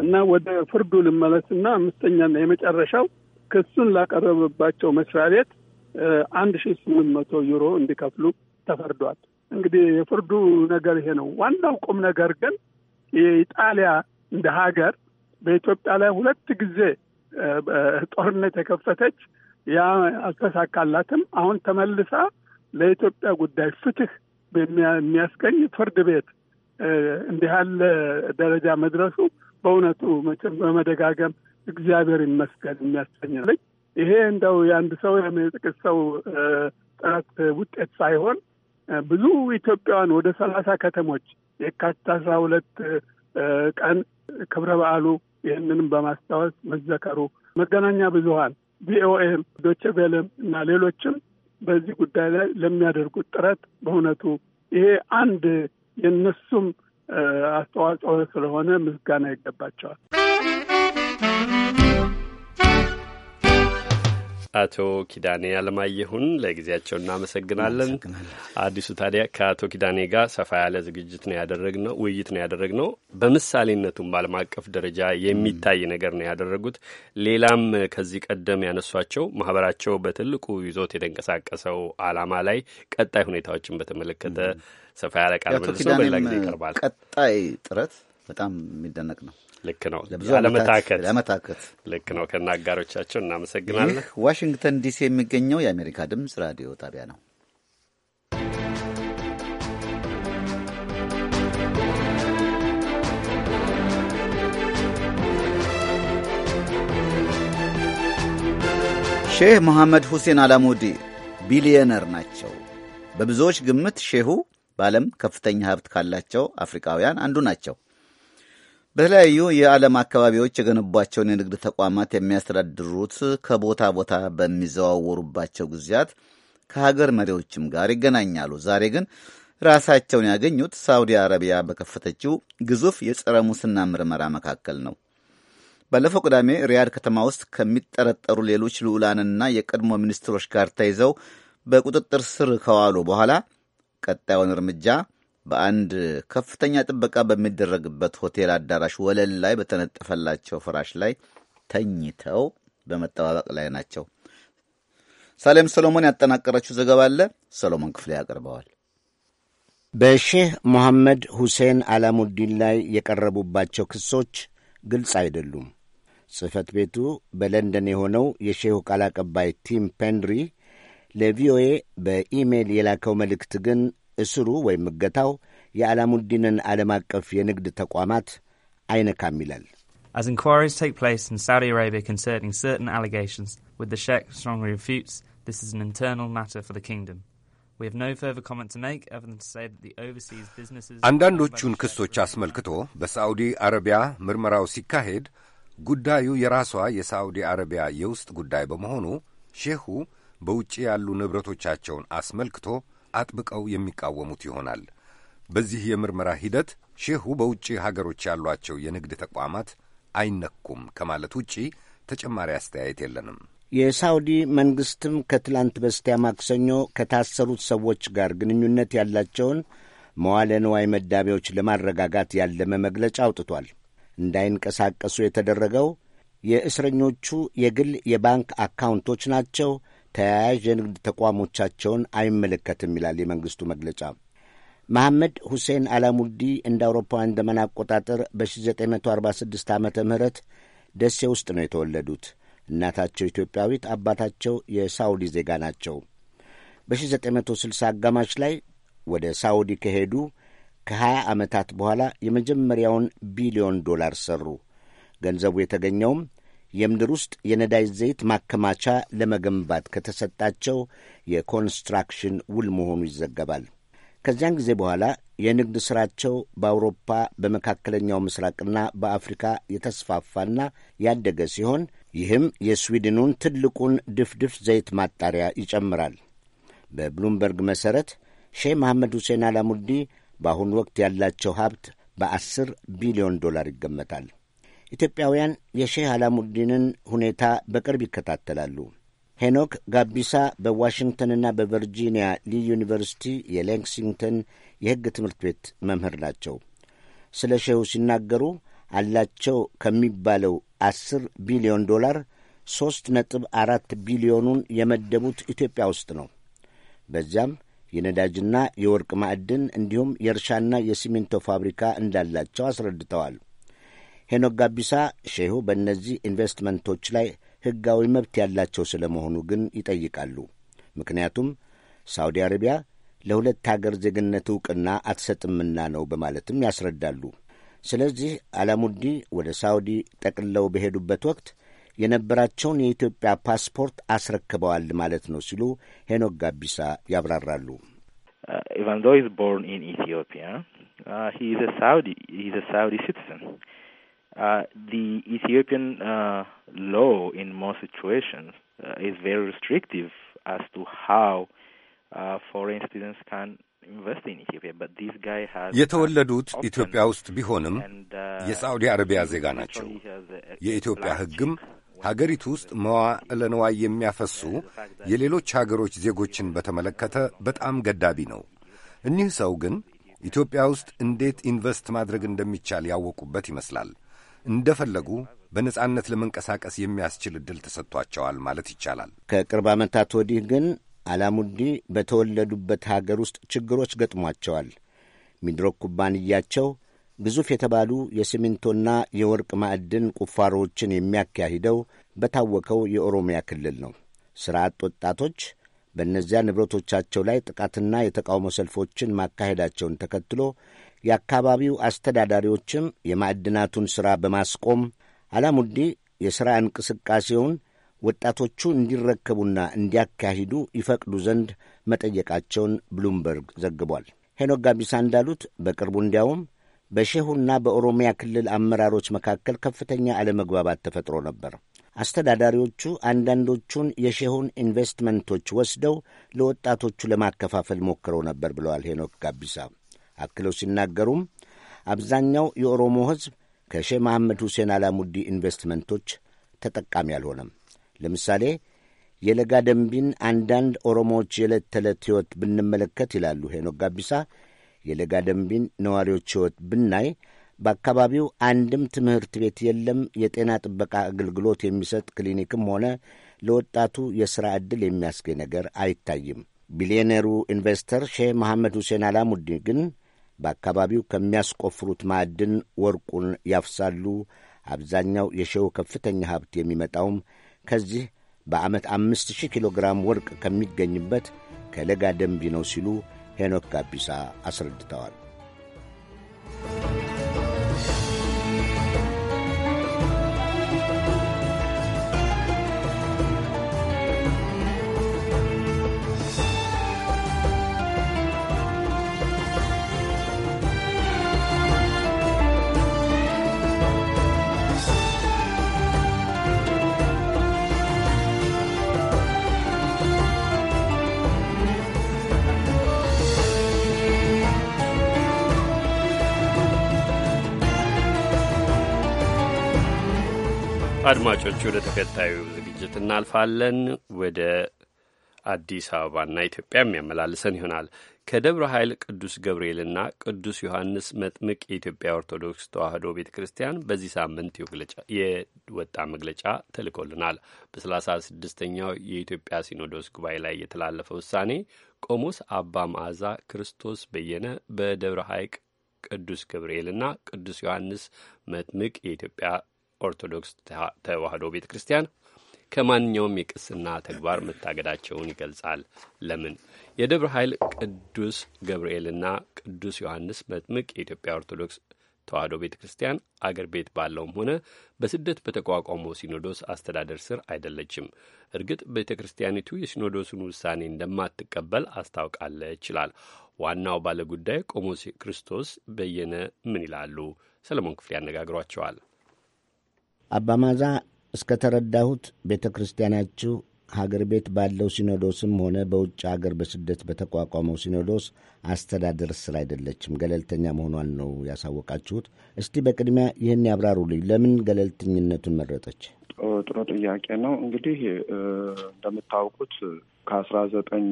S7: እና ወደ ፍርዱ ልመለስና አምስተኛና የመጨረሻው ክሱን ላቀረበባቸው መስሪያ ቤት አንድ ሺ ስምንት መቶ ዩሮ እንዲከፍሉ ተፈርዷል። እንግዲህ የፍርዱ ነገር ይሄ ነው። ዋናው ቁም ነገር ግን የኢጣሊያ እንደ ሀገር በኢትዮጵያ ላይ ሁለት ጊዜ ጦርነት የከፈተች ያ አልተሳካላትም። አሁን ተመልሳ ለኢትዮጵያ ጉዳይ ፍትህ የሚያስገኝ ፍርድ ቤት እንዲህ ያለ ደረጃ መድረሱ በእውነቱ መቼም በመደጋገም እግዚአብሔር ይመስገን የሚያሰኛለኝ። ይሄ እንደው የአንድ ሰው የጥቂት ሰው ጥረት ውጤት ሳይሆን ብዙ ኢትዮጵያውያን ወደ ሰላሳ ከተሞች የካቲት አስራ ሁለት ቀን ክብረ በዓሉ ይህንንም በማስታወስ መዘከሩ መገናኛ ብዙሀን ቪኦኤም፣ ዶቼ ቬለም እና ሌሎችም በዚህ ጉዳይ ላይ ለሚያደርጉት ጥረት በእውነቱ ይሄ አንድ የነሱም አስተዋጽኦ ስለሆነ ምስጋና ይገባቸዋል።
S1: አቶ ኪዳኔ አለማየሁን ለጊዜያቸው እናመሰግናለን። አዲሱ ታዲያ ከአቶ ኪዳኔ ጋር ሰፋ ያለ ዝግጅት ነው ያደረግነው፣ ውይይት ነው ያደረግነው። በምሳሌነቱም በዓለም አቀፍ ደረጃ የሚታይ ነገር ነው ያደረጉት። ሌላም ከዚህ ቀደም ያነሷቸው ማህበራቸው በትልቁ ይዞት የተንቀሳቀሰው አላማ ላይ ቀጣይ ሁኔታዎችን በተመለከተ ሰፋ ያለ ቃል መልሶ በሌላ ጊዜ
S10: ይቀርባል።
S4: ቀጣይ ጥረት በጣም የሚደነቅ ነው። ልክ ነው። ለመታከት
S1: ለመታከት ልክ ነው። ከና አጋሮቻቸው እናመሰግናለን። ይህ
S4: ዋሽንግተን ዲሲ የሚገኘው የአሜሪካ ድምፅ ራዲዮ ጣቢያ ነው። ሼህ መሐመድ ሁሴን አላሙዲ ቢሊየነር ናቸው። በብዙዎች ግምት ሼሁ በዓለም ከፍተኛ ሀብት ካላቸው አፍሪካውያን አንዱ ናቸው። በተለያዩ የዓለም አካባቢዎች የገነቧቸውን የንግድ ተቋማት የሚያስተዳድሩት ከቦታ ቦታ በሚዘዋወሩባቸው ጊዜያት ከሀገር መሪዎችም ጋር ይገናኛሉ። ዛሬ ግን ራሳቸውን ያገኙት ሳውዲ አረቢያ በከፈተችው ግዙፍ የጸረ ሙስና ምርመራ መካከል ነው። ባለፈው ቅዳሜ ሪያድ ከተማ ውስጥ ከሚጠረጠሩ ሌሎች ልዑላንና የቀድሞ ሚኒስትሮች ጋር ተይዘው በቁጥጥር ስር ከዋሉ በኋላ ቀጣዩን እርምጃ በአንድ ከፍተኛ ጥበቃ በሚደረግበት ሆቴል አዳራሽ ወለል ላይ በተነጠፈላቸው ፍራሽ ላይ ተኝተው በመጠባበቅ ላይ ናቸው። ሳሌም ሰሎሞን ያጠናቀረችው ዘገባ አለ። ሰሎሞን ክፍሌ ያቀርበዋል።
S10: በሼህ ሞሐመድ ሁሴን አላሙዲን ላይ የቀረቡባቸው ክሶች ግልጽ አይደሉም። ጽሕፈት ቤቱ በለንደን የሆነው የሼሁ ቃል አቀባይ ቲም ፔንሪ ለቪኦኤ በኢሜይል የላከው መልእክት ግን እስሩ ወይም እገታው የዓላሙዲንን ዓለም አቀፍ የንግድ ተቋማት አይነካም ይላል።
S1: As inquiries take place in Saudi Arabia concerning certain allegations, which the Sheikh strongly refutes, this is an internal matter for the kingdom. We have no further comment to make other than to say that the overseas businesses... አንዳንዶቹን
S6: ክሶች አስመልክቶ በሳዑዲ አረቢያ ምርመራው ሲካሄድ ጉዳዩ የራሷ የሳዑዲ አረቢያ የውስጥ ጉዳይ በመሆኑ ሼኹ በውጭ ያሉ ንብረቶቻቸውን አስመልክቶ አጥብቀው የሚቃወሙት ይሆናል። በዚህ የምርመራ ሂደት ሼሁ በውጭ ሀገሮች ያሏቸው የንግድ ተቋማት አይነኩም ከማለት ውጪ ተጨማሪ አስተያየት የለንም።
S10: የሳውዲ መንግሥትም ከትላንት በስቲያ ማክሰኞ ከታሰሩት ሰዎች ጋር ግንኙነት ያላቸውን መዋለ ንዋይ መዳቢዎች ለማረጋጋት ያለመ መግለጫ አውጥቷል። እንዳይንቀሳቀሱ የተደረገው የእስረኞቹ የግል የባንክ አካውንቶች ናቸው ተያያዥ የንግድ ተቋሞቻቸውን አይመለከትም ይላል የመንግሥቱ መግለጫ። መሐመድ ሁሴን አላሙዲ እንደ አውሮፓውያን ዘመን አቆጣጠር በ1946 ዓ ም ደሴ ውስጥ ነው የተወለዱት። እናታቸው ኢትዮጵያዊት፣ አባታቸው የሳውዲ ዜጋ ናቸው። በ1960 አጋማሽ ላይ ወደ ሳውዲ ከሄዱ ከ20 ዓመታት በኋላ የመጀመሪያውን ቢሊዮን ዶላር ሠሩ። ገንዘቡ የተገኘውም የምድር ውስጥ የነዳጅ ዘይት ማከማቻ ለመገንባት ከተሰጣቸው የኮንስትራክሽን ውል መሆኑ ይዘገባል። ከዚያን ጊዜ በኋላ የንግድ ሥራቸው በአውሮፓ በመካከለኛው ምስራቅና በአፍሪካ የተስፋፋና ያደገ ሲሆን ይህም የስዊድኑን ትልቁን ድፍድፍ ዘይት ማጣሪያ ይጨምራል። በብሉምበርግ መሠረት ሼህ መሐመድ ሁሴን አላሙዲ በአሁኑ ወቅት ያላቸው ሀብት በአስር ቢሊዮን ዶላር ይገመታል። ኢትዮጵያውያን የሼህ አላሙዲንን ሁኔታ በቅርብ ይከታተላሉ። ሄኖክ ጋቢሳ በዋሽንግተንና በቨርጂኒያ ሊ ዩኒቨርሲቲ የሌክሲንግተን የሕግ ትምህርት ቤት መምህር ናቸው። ስለ ሼሁ ሲናገሩ አላቸው ከሚባለው አስር ቢሊዮን ዶላር ሦስት ነጥብ አራት ቢሊዮኑን የመደቡት ኢትዮጵያ ውስጥ ነው። በዚያም የነዳጅና የወርቅ ማዕድን እንዲሁም የእርሻና የሲሚንቶ ፋብሪካ እንዳላቸው አስረድተዋል። ሄኖክ ጋቢሳ ሼሁ በእነዚህ ኢንቨስትመንቶች ላይ ሕጋዊ መብት ያላቸው ስለመሆኑ ግን ይጠይቃሉ። ምክንያቱም ሳውዲ አረቢያ ለሁለት አገር ዜግነት ዕውቅና አትሰጥምና ነው በማለትም ያስረዳሉ። ስለዚህ አላሙዲ ወደ ሳውዲ ጠቅልለው በሄዱበት ወቅት የነበራቸውን የኢትዮጵያ ፓስፖርት አስረክበዋል ማለት ነው ሲሉ ሄኖክ ጋቢሳ ያብራራሉ።
S3: ኢቫንዞ ኢዝ ቦርን ኢን ኢትዮጵያ ሂ ኢዝ ሳውዲ ሲቲዝን Uh, the Ethiopian uh, law in most situations uh, is very restrictive as to how uh, foreign students can የተወለዱት ኢትዮጵያ ውስጥ ቢሆንም uh, የሳዑዲ አረቢያ ዜጋ ናቸው። የኢትዮጵያ
S6: ሕግም ሀገሪቱ ውስጥ መዋዕለ ንዋይ የሚያፈሱ የሌሎች ሀገሮች ዜጎችን በተመለከተ በጣም ገዳቢ ነው። እኒህ ሰው ግን ኢትዮጵያ ውስጥ እንዴት ኢንቨስት ማድረግ እንደሚቻል ያወቁበት ይመስላል። እንደፈለጉ በነጻነት ለመንቀሳቀስ የሚያስችል ዕድል ተሰጥቷቸዋል ማለት ይቻላል።
S10: ከቅርብ ዓመታት ወዲህ ግን አላሙዲ በተወለዱበት ሀገር ውስጥ ችግሮች ገጥሟቸዋል። ሚድሮክ ኩባንያቸው ግዙፍ የተባሉ የሲሚንቶና የወርቅ ማዕድን ቁፋሮዎችን የሚያካሂደው በታወቀው የኦሮሚያ ክልል ነው። ሥራ አጥ ወጣቶች በእነዚያ ንብረቶቻቸው ላይ ጥቃትና የተቃውሞ ሰልፎችን ማካሄዳቸውን ተከትሎ የአካባቢው አስተዳዳሪዎችም የማዕድናቱን ሥራ በማስቆም አላሙዲ የሥራ እንቅስቃሴውን ወጣቶቹ እንዲረከቡና እንዲያካሂዱ ይፈቅዱ ዘንድ መጠየቃቸውን ብሉምበርግ ዘግቧል። ሄኖክ ጋቢሳ እንዳሉት በቅርቡ እንዲያውም በሼሁና በኦሮሚያ ክልል አመራሮች መካከል ከፍተኛ አለመግባባት ተፈጥሮ ነበር። አስተዳዳሪዎቹ አንዳንዶቹን የሼሁን ኢንቨስትመንቶች ወስደው ለወጣቶቹ ለማከፋፈል ሞክረው ነበር ብለዋል ሄኖክ ጋቢሳ። አክለው ሲናገሩም አብዛኛው የኦሮሞ ሕዝብ ከሼህ መሐመድ ሁሴን አላሙዲ ኢንቨስትመንቶች ተጠቃሚ አልሆነም። ለምሳሌ የለጋ ደንቢን አንዳንድ ኦሮሞዎች የዕለት ተዕለት ሕይወት ብንመለከት ይላሉ ሄኖክ ጋቢሳ፣ የለጋ ደንቢን ነዋሪዎች ሕይወት ብናይ በአካባቢው አንድም ትምህርት ቤት የለም። የጤና ጥበቃ አገልግሎት የሚሰጥ ክሊኒክም ሆነ ለወጣቱ የሥራ ዕድል የሚያስገኝ ነገር አይታይም። ቢሊዮነሩ ኢንቨስተር ሼህ መሐመድ ሁሴን አላሙዲ ግን በአካባቢው ከሚያስቆፍሩት ማዕድን ወርቁን ያፍሳሉ። አብዛኛው የሸው ከፍተኛ ሀብት የሚመጣውም ከዚህ በዓመት አምስት ሺህ ኪሎ ግራም ወርቅ ከሚገኝበት ከለጋ ደንቢ ነው ሲሉ ሄኖክ ጋቢሳ አስረድተዋል።
S1: አድማጮች ወደ ተከታዩ ዝግጅት እናልፋለን። ወደ አዲስ አበባና ኢትዮጵያ የሚያመላልሰን ይሆናል። ከደብረ ኃይል ቅዱስ ገብርኤልና ቅዱስ ዮሐንስ መጥምቅ የኢትዮጵያ ኦርቶዶክስ ተዋሕዶ ቤተ ክርስቲያን በዚህ ሳምንት የወጣ መግለጫ ተልኮልናል። በሰላሳ ስድስተኛው የኢትዮጵያ ሲኖዶስ ጉባኤ ላይ የተላለፈ ውሳኔ ቆሞስ አባ መዓዛ ክርስቶስ በየነ በደብረ ሐይቅ ቅዱስ ገብርኤልና ቅዱስ ዮሐንስ መጥምቅ የኢትዮጵያ ኦርቶዶክስ ተዋህዶ ቤተ ክርስቲያን ከማንኛውም የቅስና ተግባር መታገዳቸውን ይገልጻል። ለምን? የደብረ ኃይል ቅዱስ ገብርኤልና ቅዱስ ዮሐንስ መጥምቅ የኢትዮጵያ ኦርቶዶክስ ተዋሕዶ ቤተ ክርስቲያን አገር ቤት ባለውም ሆነ በስደት በተቋቋመው ሲኖዶስ አስተዳደር ስር አይደለችም። እርግጥ ቤተ ክርስቲያኒቱ የሲኖዶሱን ውሳኔ እንደማትቀበል አስታውቃለች ይችላል። ዋናው ባለጉዳይ ቆሞስ ክርስቶስ በየነ ምን ይላሉ? ሰለሞን ክፍሌ ያነጋግሯቸዋል።
S10: አባማዛ እስከ ተረዳሁት ቤተ ክርስቲያናችሁ ሀገር ቤት ባለው ሲኖዶስም ሆነ በውጭ አገር በስደት በተቋቋመው ሲኖዶስ አስተዳደር ስር አይደለችም፣ ገለልተኛ መሆኗን ነው ያሳወቃችሁት። እስቲ በቅድሚያ ይህን ያብራሩልኝ። ለምን ገለልተኝነቱን መረጠች?
S11: ጥሩ ጥያቄ ነው። እንግዲህ
S7: እንደምታውቁት
S11: ከአስራ ዘጠኝ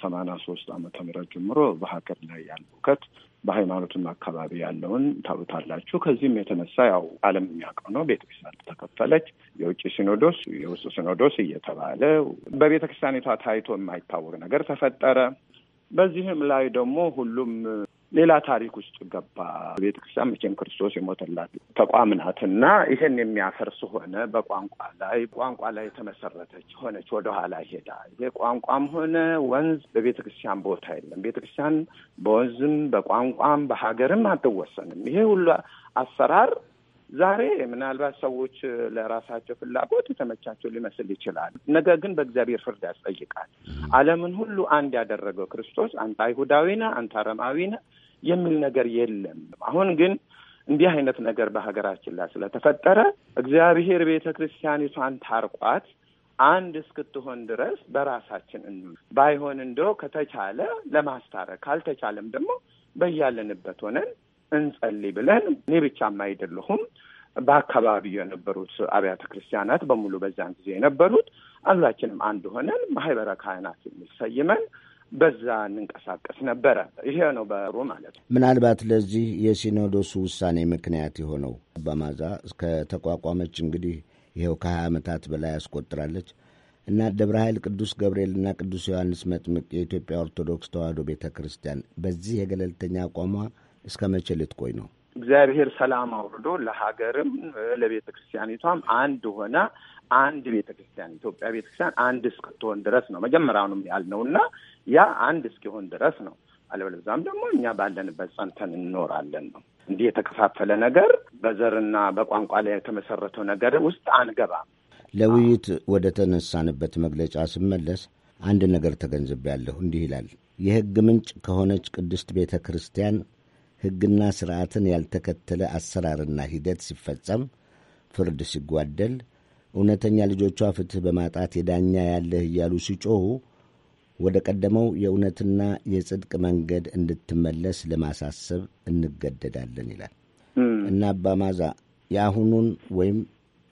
S11: ሰማንያ ሶስት ዓመተ ምህረት ጀምሮ በሀገር ላይ ያለ እውቀት በሃይማኖትም አካባቢ ያለውን ታውታላችሁ። ከዚህም የተነሳ ያው ዓለም የሚያውቀው ነው። ቤተክርስቲያን ተከፈለች። የውጭ ሲኖዶስ፣ የውስጥ ሲኖዶስ እየተባለ በቤተክርስቲያኒቷ ታይቶ የማይታወቅ ነገር ተፈጠረ። በዚህም ላይ ደግሞ ሁሉም ሌላ ታሪክ ውስጥ ገባ። ቤተ ክርስቲያን መቼም ክርስቶስ የሞተላት ተቋም ናት እና ይሄን የሚያፈርስ ሆነ በቋንቋ ላይ ቋንቋ ላይ የተመሰረተች ሆነች ወደኋላ ሄዳ ይሄ ቋንቋም ሆነ ወንዝ በቤተ ክርስቲያን ቦታ የለም። ቤተ ክርስቲያን በወንዝም በቋንቋም በሀገርም አትወሰንም። ይሄ ሁሉ አሰራር ዛሬ ምናልባት ሰዎች ለራሳቸው ፍላጎት የተመቻቸው ሊመስል ይችላል። ነገር ግን በእግዚአብሔር ፍርድ ያስጠይቃል። ዓለምን ሁሉ አንድ ያደረገው ክርስቶስ አንተ አይሁዳዊ ነህ፣ አንተ አረማዊ ነህ የሚል ነገር የለም። አሁን ግን እንዲህ አይነት ነገር በሀገራችን ላይ ስለተፈጠረ እግዚአብሔር ቤተ ክርስቲያኒቷን ታርቋት አንድ እስክትሆን ድረስ በራሳችን እን ባይሆን እንደው ከተቻለ ለማስታረቅ ካልተቻለም ደግሞ በያለንበት ሆነን እንጸልይ ብለን እኔ ብቻም አይደለሁም በአካባቢው የነበሩት አብያተ ክርስቲያናት በሙሉ በዛን ጊዜ የነበሩት ሁላችንም አንድ ሆነን ማህበረ ካህናት የሚል ሰይመን በዛ እንንቀሳቀስ ነበረ። ይሄ ነው በሩ ማለት
S10: ነው። ምናልባት ለዚህ የሲኖዶሱ ውሳኔ ምክንያት የሆነው በማዛ ከተቋቋመች እንግዲህ ይኸው ከሀያ ዓመታት በላይ ያስቆጥራለች እና ደብረ ኃይል ቅዱስ ገብርኤልና ቅዱስ ዮሐንስ መጥምቅ የኢትዮጵያ ኦርቶዶክስ ተዋሕዶ ቤተ ክርስቲያን በዚህ የገለልተኛ አቋሟ እስከ መቼ ልትቆይ ነው?
S11: እግዚአብሔር ሰላም አውርዶ ለሀገርም ለቤተ ክርስቲያኒቷም አንድ ሆና አንድ ቤተ ክርስቲያን ኢትዮጵያ ቤተ ክርስቲያን አንድ እስክትሆን ድረስ ነው መጀመሪያውንም ያልነው እና ያ አንድ እስኪሆን ድረስ ነው። አለበለዚያም ደግሞ እኛ ባለንበት ጸንተን እንኖራለን ነው። እንዲህ የተከፋፈለ ነገር በዘርና በቋንቋ ላይ የተመሰረተው ነገር ውስጥ አንገባም።
S10: ለውይይት ወደ ተነሳንበት መግለጫ ስመለስ አንድ ነገር ተገንዝቤያለሁ። እንዲህ ይላል የሕግ ምንጭ ከሆነች ቅድስት ቤተ ክርስቲያን ሕግና ሥርዓትን ያልተከተለ አሰራርና ሂደት ሲፈጸም፣ ፍርድ ሲጓደል፣ እውነተኛ ልጆቿ ፍትሕ በማጣት የዳኛ ያለህ እያሉ ሲጮኹ ወደ ቀደመው የእውነትና የጽድቅ መንገድ እንድትመለስ ለማሳሰብ እንገደዳለን ይላል እና አባማዛ የአሁኑን ወይም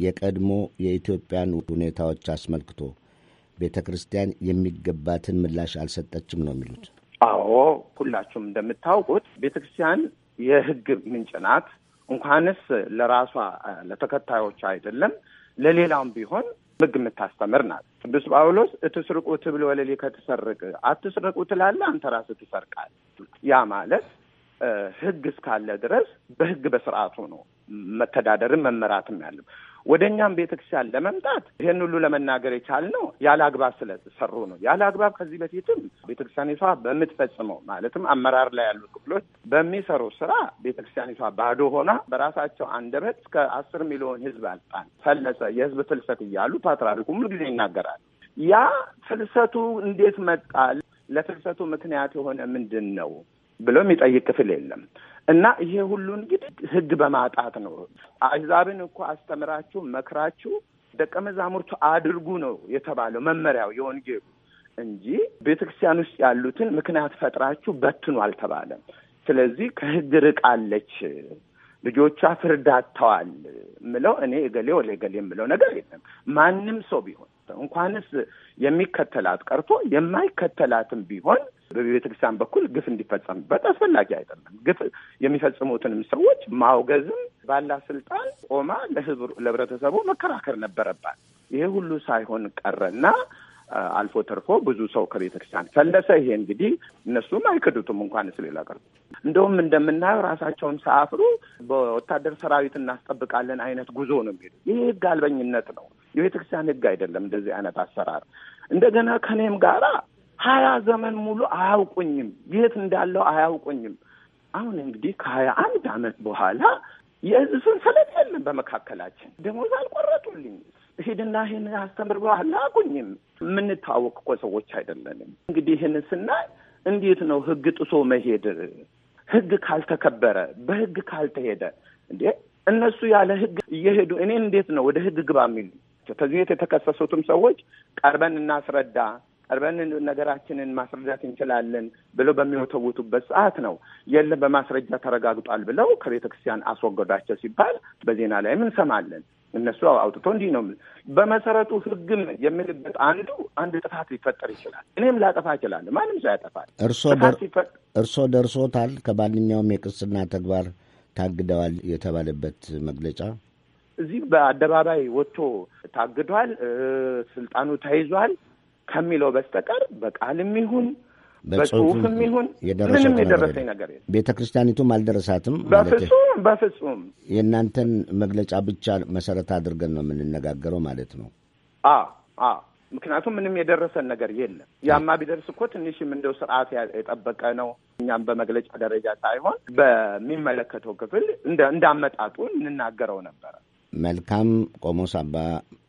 S10: የቀድሞ የኢትዮጵያን ሁኔታዎች አስመልክቶ ቤተ ክርስቲያን የሚገባትን ምላሽ አልሰጠችም ነው
S11: የሚሉት። አዎ ሁላችሁም እንደምታውቁት ቤተ ክርስቲያን የሕግ ምንጭ ናት። እንኳንስ ለራሷ ለተከታዮች አይደለም ለሌላውም ቢሆን ህግ የምታስተምር ናት። ቅዱስ ጳውሎስ እትስርቁ ትብል ወለሌ ከተሰርቅ አትስርቁ ትላለ አንተ ራስ ትሰርቃል። ያ ማለት ህግ እስካለ ድረስ በህግ በስርዓቱ ነው መተዳደርን መመራትም ያለው ወደ እኛም ቤተክርስቲያን ለመምጣት ይህን ሁሉ ለመናገር የቻልነው ያለ አግባብ ስለሰሩ ነው። ያለ አግባብ ከዚህ በፊትም ቤተክርስቲያኒቷ በምትፈጽመው ማለትም አመራር ላይ ያሉ ክፍሎች በሚሰሩ ስራ ቤተክርስቲያኒቷ ባዶ ሆና በራሳቸው አንደበት እስከ አስር ሚሊዮን ህዝብ አልጣን ፈለሰ የህዝብ ፍልሰት እያሉ ፓትርያርኩ ሁሉ ጊዜ ይናገራል። ያ ፍልሰቱ እንዴት መጣል ለፍልሰቱ ምክንያት የሆነ ምንድን ነው ብሎ የሚጠይቅ ክፍል የለም። እና ይሄ ሁሉ እንግዲህ ህግ በማጣት ነው። አህዛብን እኮ አስተምራችሁ መክራችሁ ደቀ መዛሙርቱ አድርጉ ነው የተባለው መመሪያው የወንጌሉ እንጂ ቤተ ክርስቲያን ውስጥ ያሉትን ምክንያት ፈጥራችሁ በትኑ አልተባለም። ስለዚህ ከህግ ርቃለች፣ ልጆቿ ፍርድ አጥተዋል ምለው እኔ እገሌ ወደ እገሌ የምለው ነገር የለም። ማንም ሰው ቢሆን እንኳንስ የሚከተላት ቀርቶ የማይከተላትም ቢሆን በቤተክርስቲያን በኩል ግፍ እንዲፈጸምበት አስፈላጊ አይደለም። ግፍ የሚፈጽሙትንም ሰዎች ማውገዝም ባላ ስልጣን ቆማ ለህብረተሰቡ መከራከር ነበረባት። ይሄ ሁሉ ሳይሆን ቀረና አልፎ ተርፎ ብዙ ሰው ከቤተክርስቲያን ፈለሰ። ይሄ እንግዲህ እነሱም አይክዱትም እንኳን ስለሌላ ቀርቶ እንደውም እንደምናየው ራሳቸውን ሳያፍሩ በወታደር ሰራዊት እናስጠብቃለን አይነት ጉዞ ነው የሚሄዱ። ይህ ህግ አልበኝነት ነው። የቤተ ክርስቲያን ህግ አይደለም እንደዚህ አይነት አሰራር። እንደገና ከኔም ጋራ ሀያ ዘመን ሙሉ አያውቁኝም፣ የት እንዳለው አያውቁኝም። አሁን እንግዲህ ከሀያ አንድ አመት በኋላ የህዝብ ሰንሰለት የለም በመካከላችን። ደሞዝ አልቆረጡልኝ። ሂድና ይህን አስተምር በ አላቁኝም። የምንታወቅ እኮ ሰዎች አይደለንም። እንግዲህ ይህን ስናይ እንዴት ነው ህግ ጥሶ መሄድ? ህግ ካልተከበረ በህግ ካልተሄደ እንዴ እነሱ ያለ ህግ እየሄዱ እኔን እንዴት ነው ወደ ህግ ግባ የሚሉ ናቸው። ከዚህ የተከሰሱትም ሰዎች ቀርበን እናስረዳ ቀርበን ነገራችንን ማስረዳት እንችላለን ብለው በሚወተውቱበት ሰዓት ነው የለም በማስረጃ ተረጋግጧል ብለው ከቤተ ክርስቲያን አስወገዷቸው ሲባል በዜና ላይም እንሰማለን። እነሱ አውጥቶ እንዲህ ነው። በመሰረቱ ህግም የምልበት አንዱ አንድ ጥፋት ሊፈጠር ይችላል። እኔም ላጠፋ እችላለሁ። ማንም ሰው ያጠፋል።
S10: እርሶ ደርሶታል? ከማንኛውም የቅስና ተግባር ታግደዋል የተባለበት መግለጫ
S11: እዚህ በአደባባይ ወጥቶ ታግዷል፣ ስልጣኑ ተይዟል ከሚለው በስተቀር በቃልም ይሁን
S10: በጽሁፍም ይሁን ምንም የደረሰኝ ነገር የለም። ቤተ ክርስቲያኒቱም አልደረሳትም። በፍጹም በፍጹም። የእናንተን መግለጫ ብቻ መሰረት አድርገን ነው የምንነጋገረው ማለት ነው።
S11: አ አ ምክንያቱም ምንም የደረሰን ነገር የለም። ያማ ቢደርስ እኮ ትንሽም እንደው ስርዓት የጠበቀ ነው። እኛም በመግለጫ ደረጃ ሳይሆን በሚመለከተው ክፍል እንዳመጣጡ እንናገረው ነበረ።
S10: መልካም ቆሞስ አባ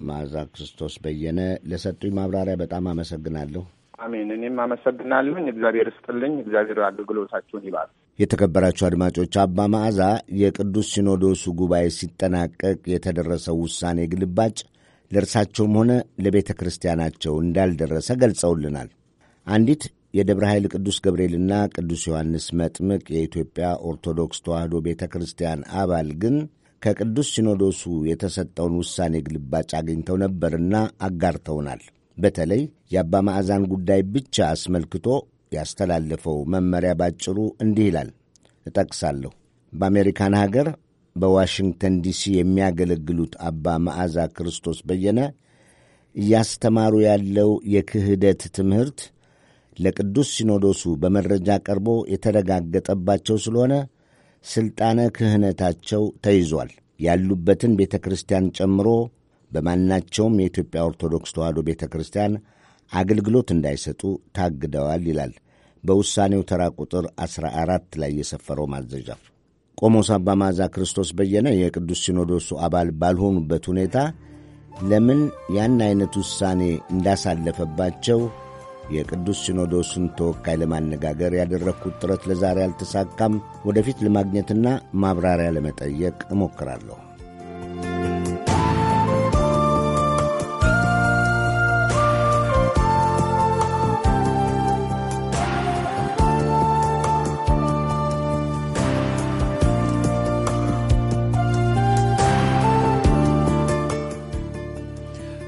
S10: ማዛ ክርስቶስ በየነ ለሰጡኝ ማብራሪያ በጣም አመሰግናለሁ።
S11: አሜን። እኔም አመሰግናለሁኝ። እግዚአብሔር ስጥልኝ። እግዚአብሔር አገልግሎታችሁን ይባል።
S10: የተከበራችሁ አድማጮች፣ አባ ማዕዛ የቅዱስ ሲኖዶሱ ጉባኤ ሲጠናቀቅ የተደረሰው ውሳኔ ግልባጭ ለእርሳቸውም ሆነ ለቤተ ክርስቲያናቸው እንዳልደረሰ ገልጸውልናል። አንዲት የደብረ ኃይል ቅዱስ ገብርኤልና ቅዱስ ዮሐንስ መጥምቅ የኢትዮጵያ ኦርቶዶክስ ተዋሕዶ ቤተ ክርስቲያን አባል ግን ከቅዱስ ሲኖዶሱ የተሰጠውን ውሳኔ ግልባጭ አግኝተው ነበርና አጋርተውናል። በተለይ የአባ ማዕዛን ጉዳይ ብቻ አስመልክቶ ያስተላለፈው መመሪያ ባጭሩ እንዲህ ይላል፣ እጠቅሳለሁ። በአሜሪካን ሀገር በዋሽንግተን ዲሲ የሚያገለግሉት አባ መዓዛ ክርስቶስ በየነ እያስተማሩ ያለው የክህደት ትምህርት ለቅዱስ ሲኖዶሱ በመረጃ ቀርቦ የተረጋገጠባቸው ስለሆነ ሥልጣነ ክህነታቸው ተይዟል። ያሉበትን ቤተ ክርስቲያን ጨምሮ በማናቸውም የኢትዮጵያ ኦርቶዶክስ ተዋሕዶ ቤተ ክርስቲያን አገልግሎት እንዳይሰጡ ታግደዋል ይላል በውሳኔው ተራ ቁጥር 14 ላይ የሰፈረው ማዘዣ። ቆሞስ አባ ማዛ ክርስቶስ በየነ የቅዱስ ሲኖዶሱ አባል ባልሆኑበት ሁኔታ ለምን ያን አይነት ውሳኔ እንዳሳለፈባቸው የቅዱስ ሲኖዶስን ተወካይ ለማነጋገር ያደረግኩት ጥረት ለዛሬ አልተሳካም። ወደፊት ለማግኘትና ማብራሪያ ለመጠየቅ እሞክራለሁ።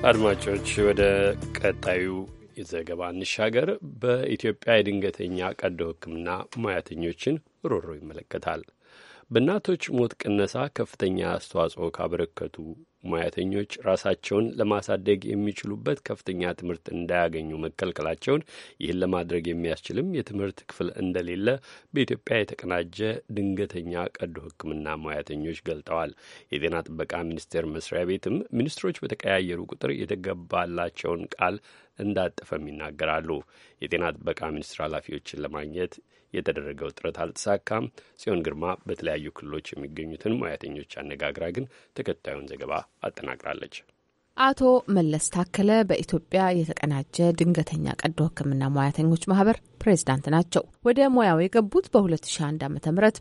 S1: አድማጮች ወደ ቀጣዩ ዘገባ እንሻገር። በኢትዮጵያ የድንገተኛ ቀዶ ሕክምና ሙያተኞችን ሮሮ ይመለከታል። በእናቶች ሞት ቅነሳ ከፍተኛ አስተዋጽኦ ካበረከቱ ሙያተኞች ራሳቸውን ለማሳደግ የሚችሉበት ከፍተኛ ትምህርት እንዳያገኙ መከልከላቸውን ይህን ለማድረግ የሚያስችልም የትምህርት ክፍል እንደሌለ በኢትዮጵያ የተቀናጀ ድንገተኛ ቀዶ ሕክምና ሙያተኞች ገልጠዋል። የጤና ጥበቃ ሚኒስቴር መስሪያ ቤትም ሚኒስትሮች በተቀያየሩ ቁጥር የተገባላቸውን ቃል እንዳጠፈም ይናገራሉ። የጤና ጥበቃ ሚኒስቴር ኃላፊዎችን ለማግኘት የተደረገው ጥረት አልተሳካም። ጽዮን ግርማ በተለያዩ ክልሎች የሚገኙትን ሙያተኞች አነጋግራ ግን ተከታዩን ዘገባ አጠናቅራለች።
S12: አቶ መለስ ታከለ በኢትዮጵያ የተቀናጀ ድንገተኛ ቀዶ ሕክምና ሙያተኞች ማህበር ፕሬዝዳንት ናቸው። ወደ ሙያው የገቡት በ2001 ዓ.ም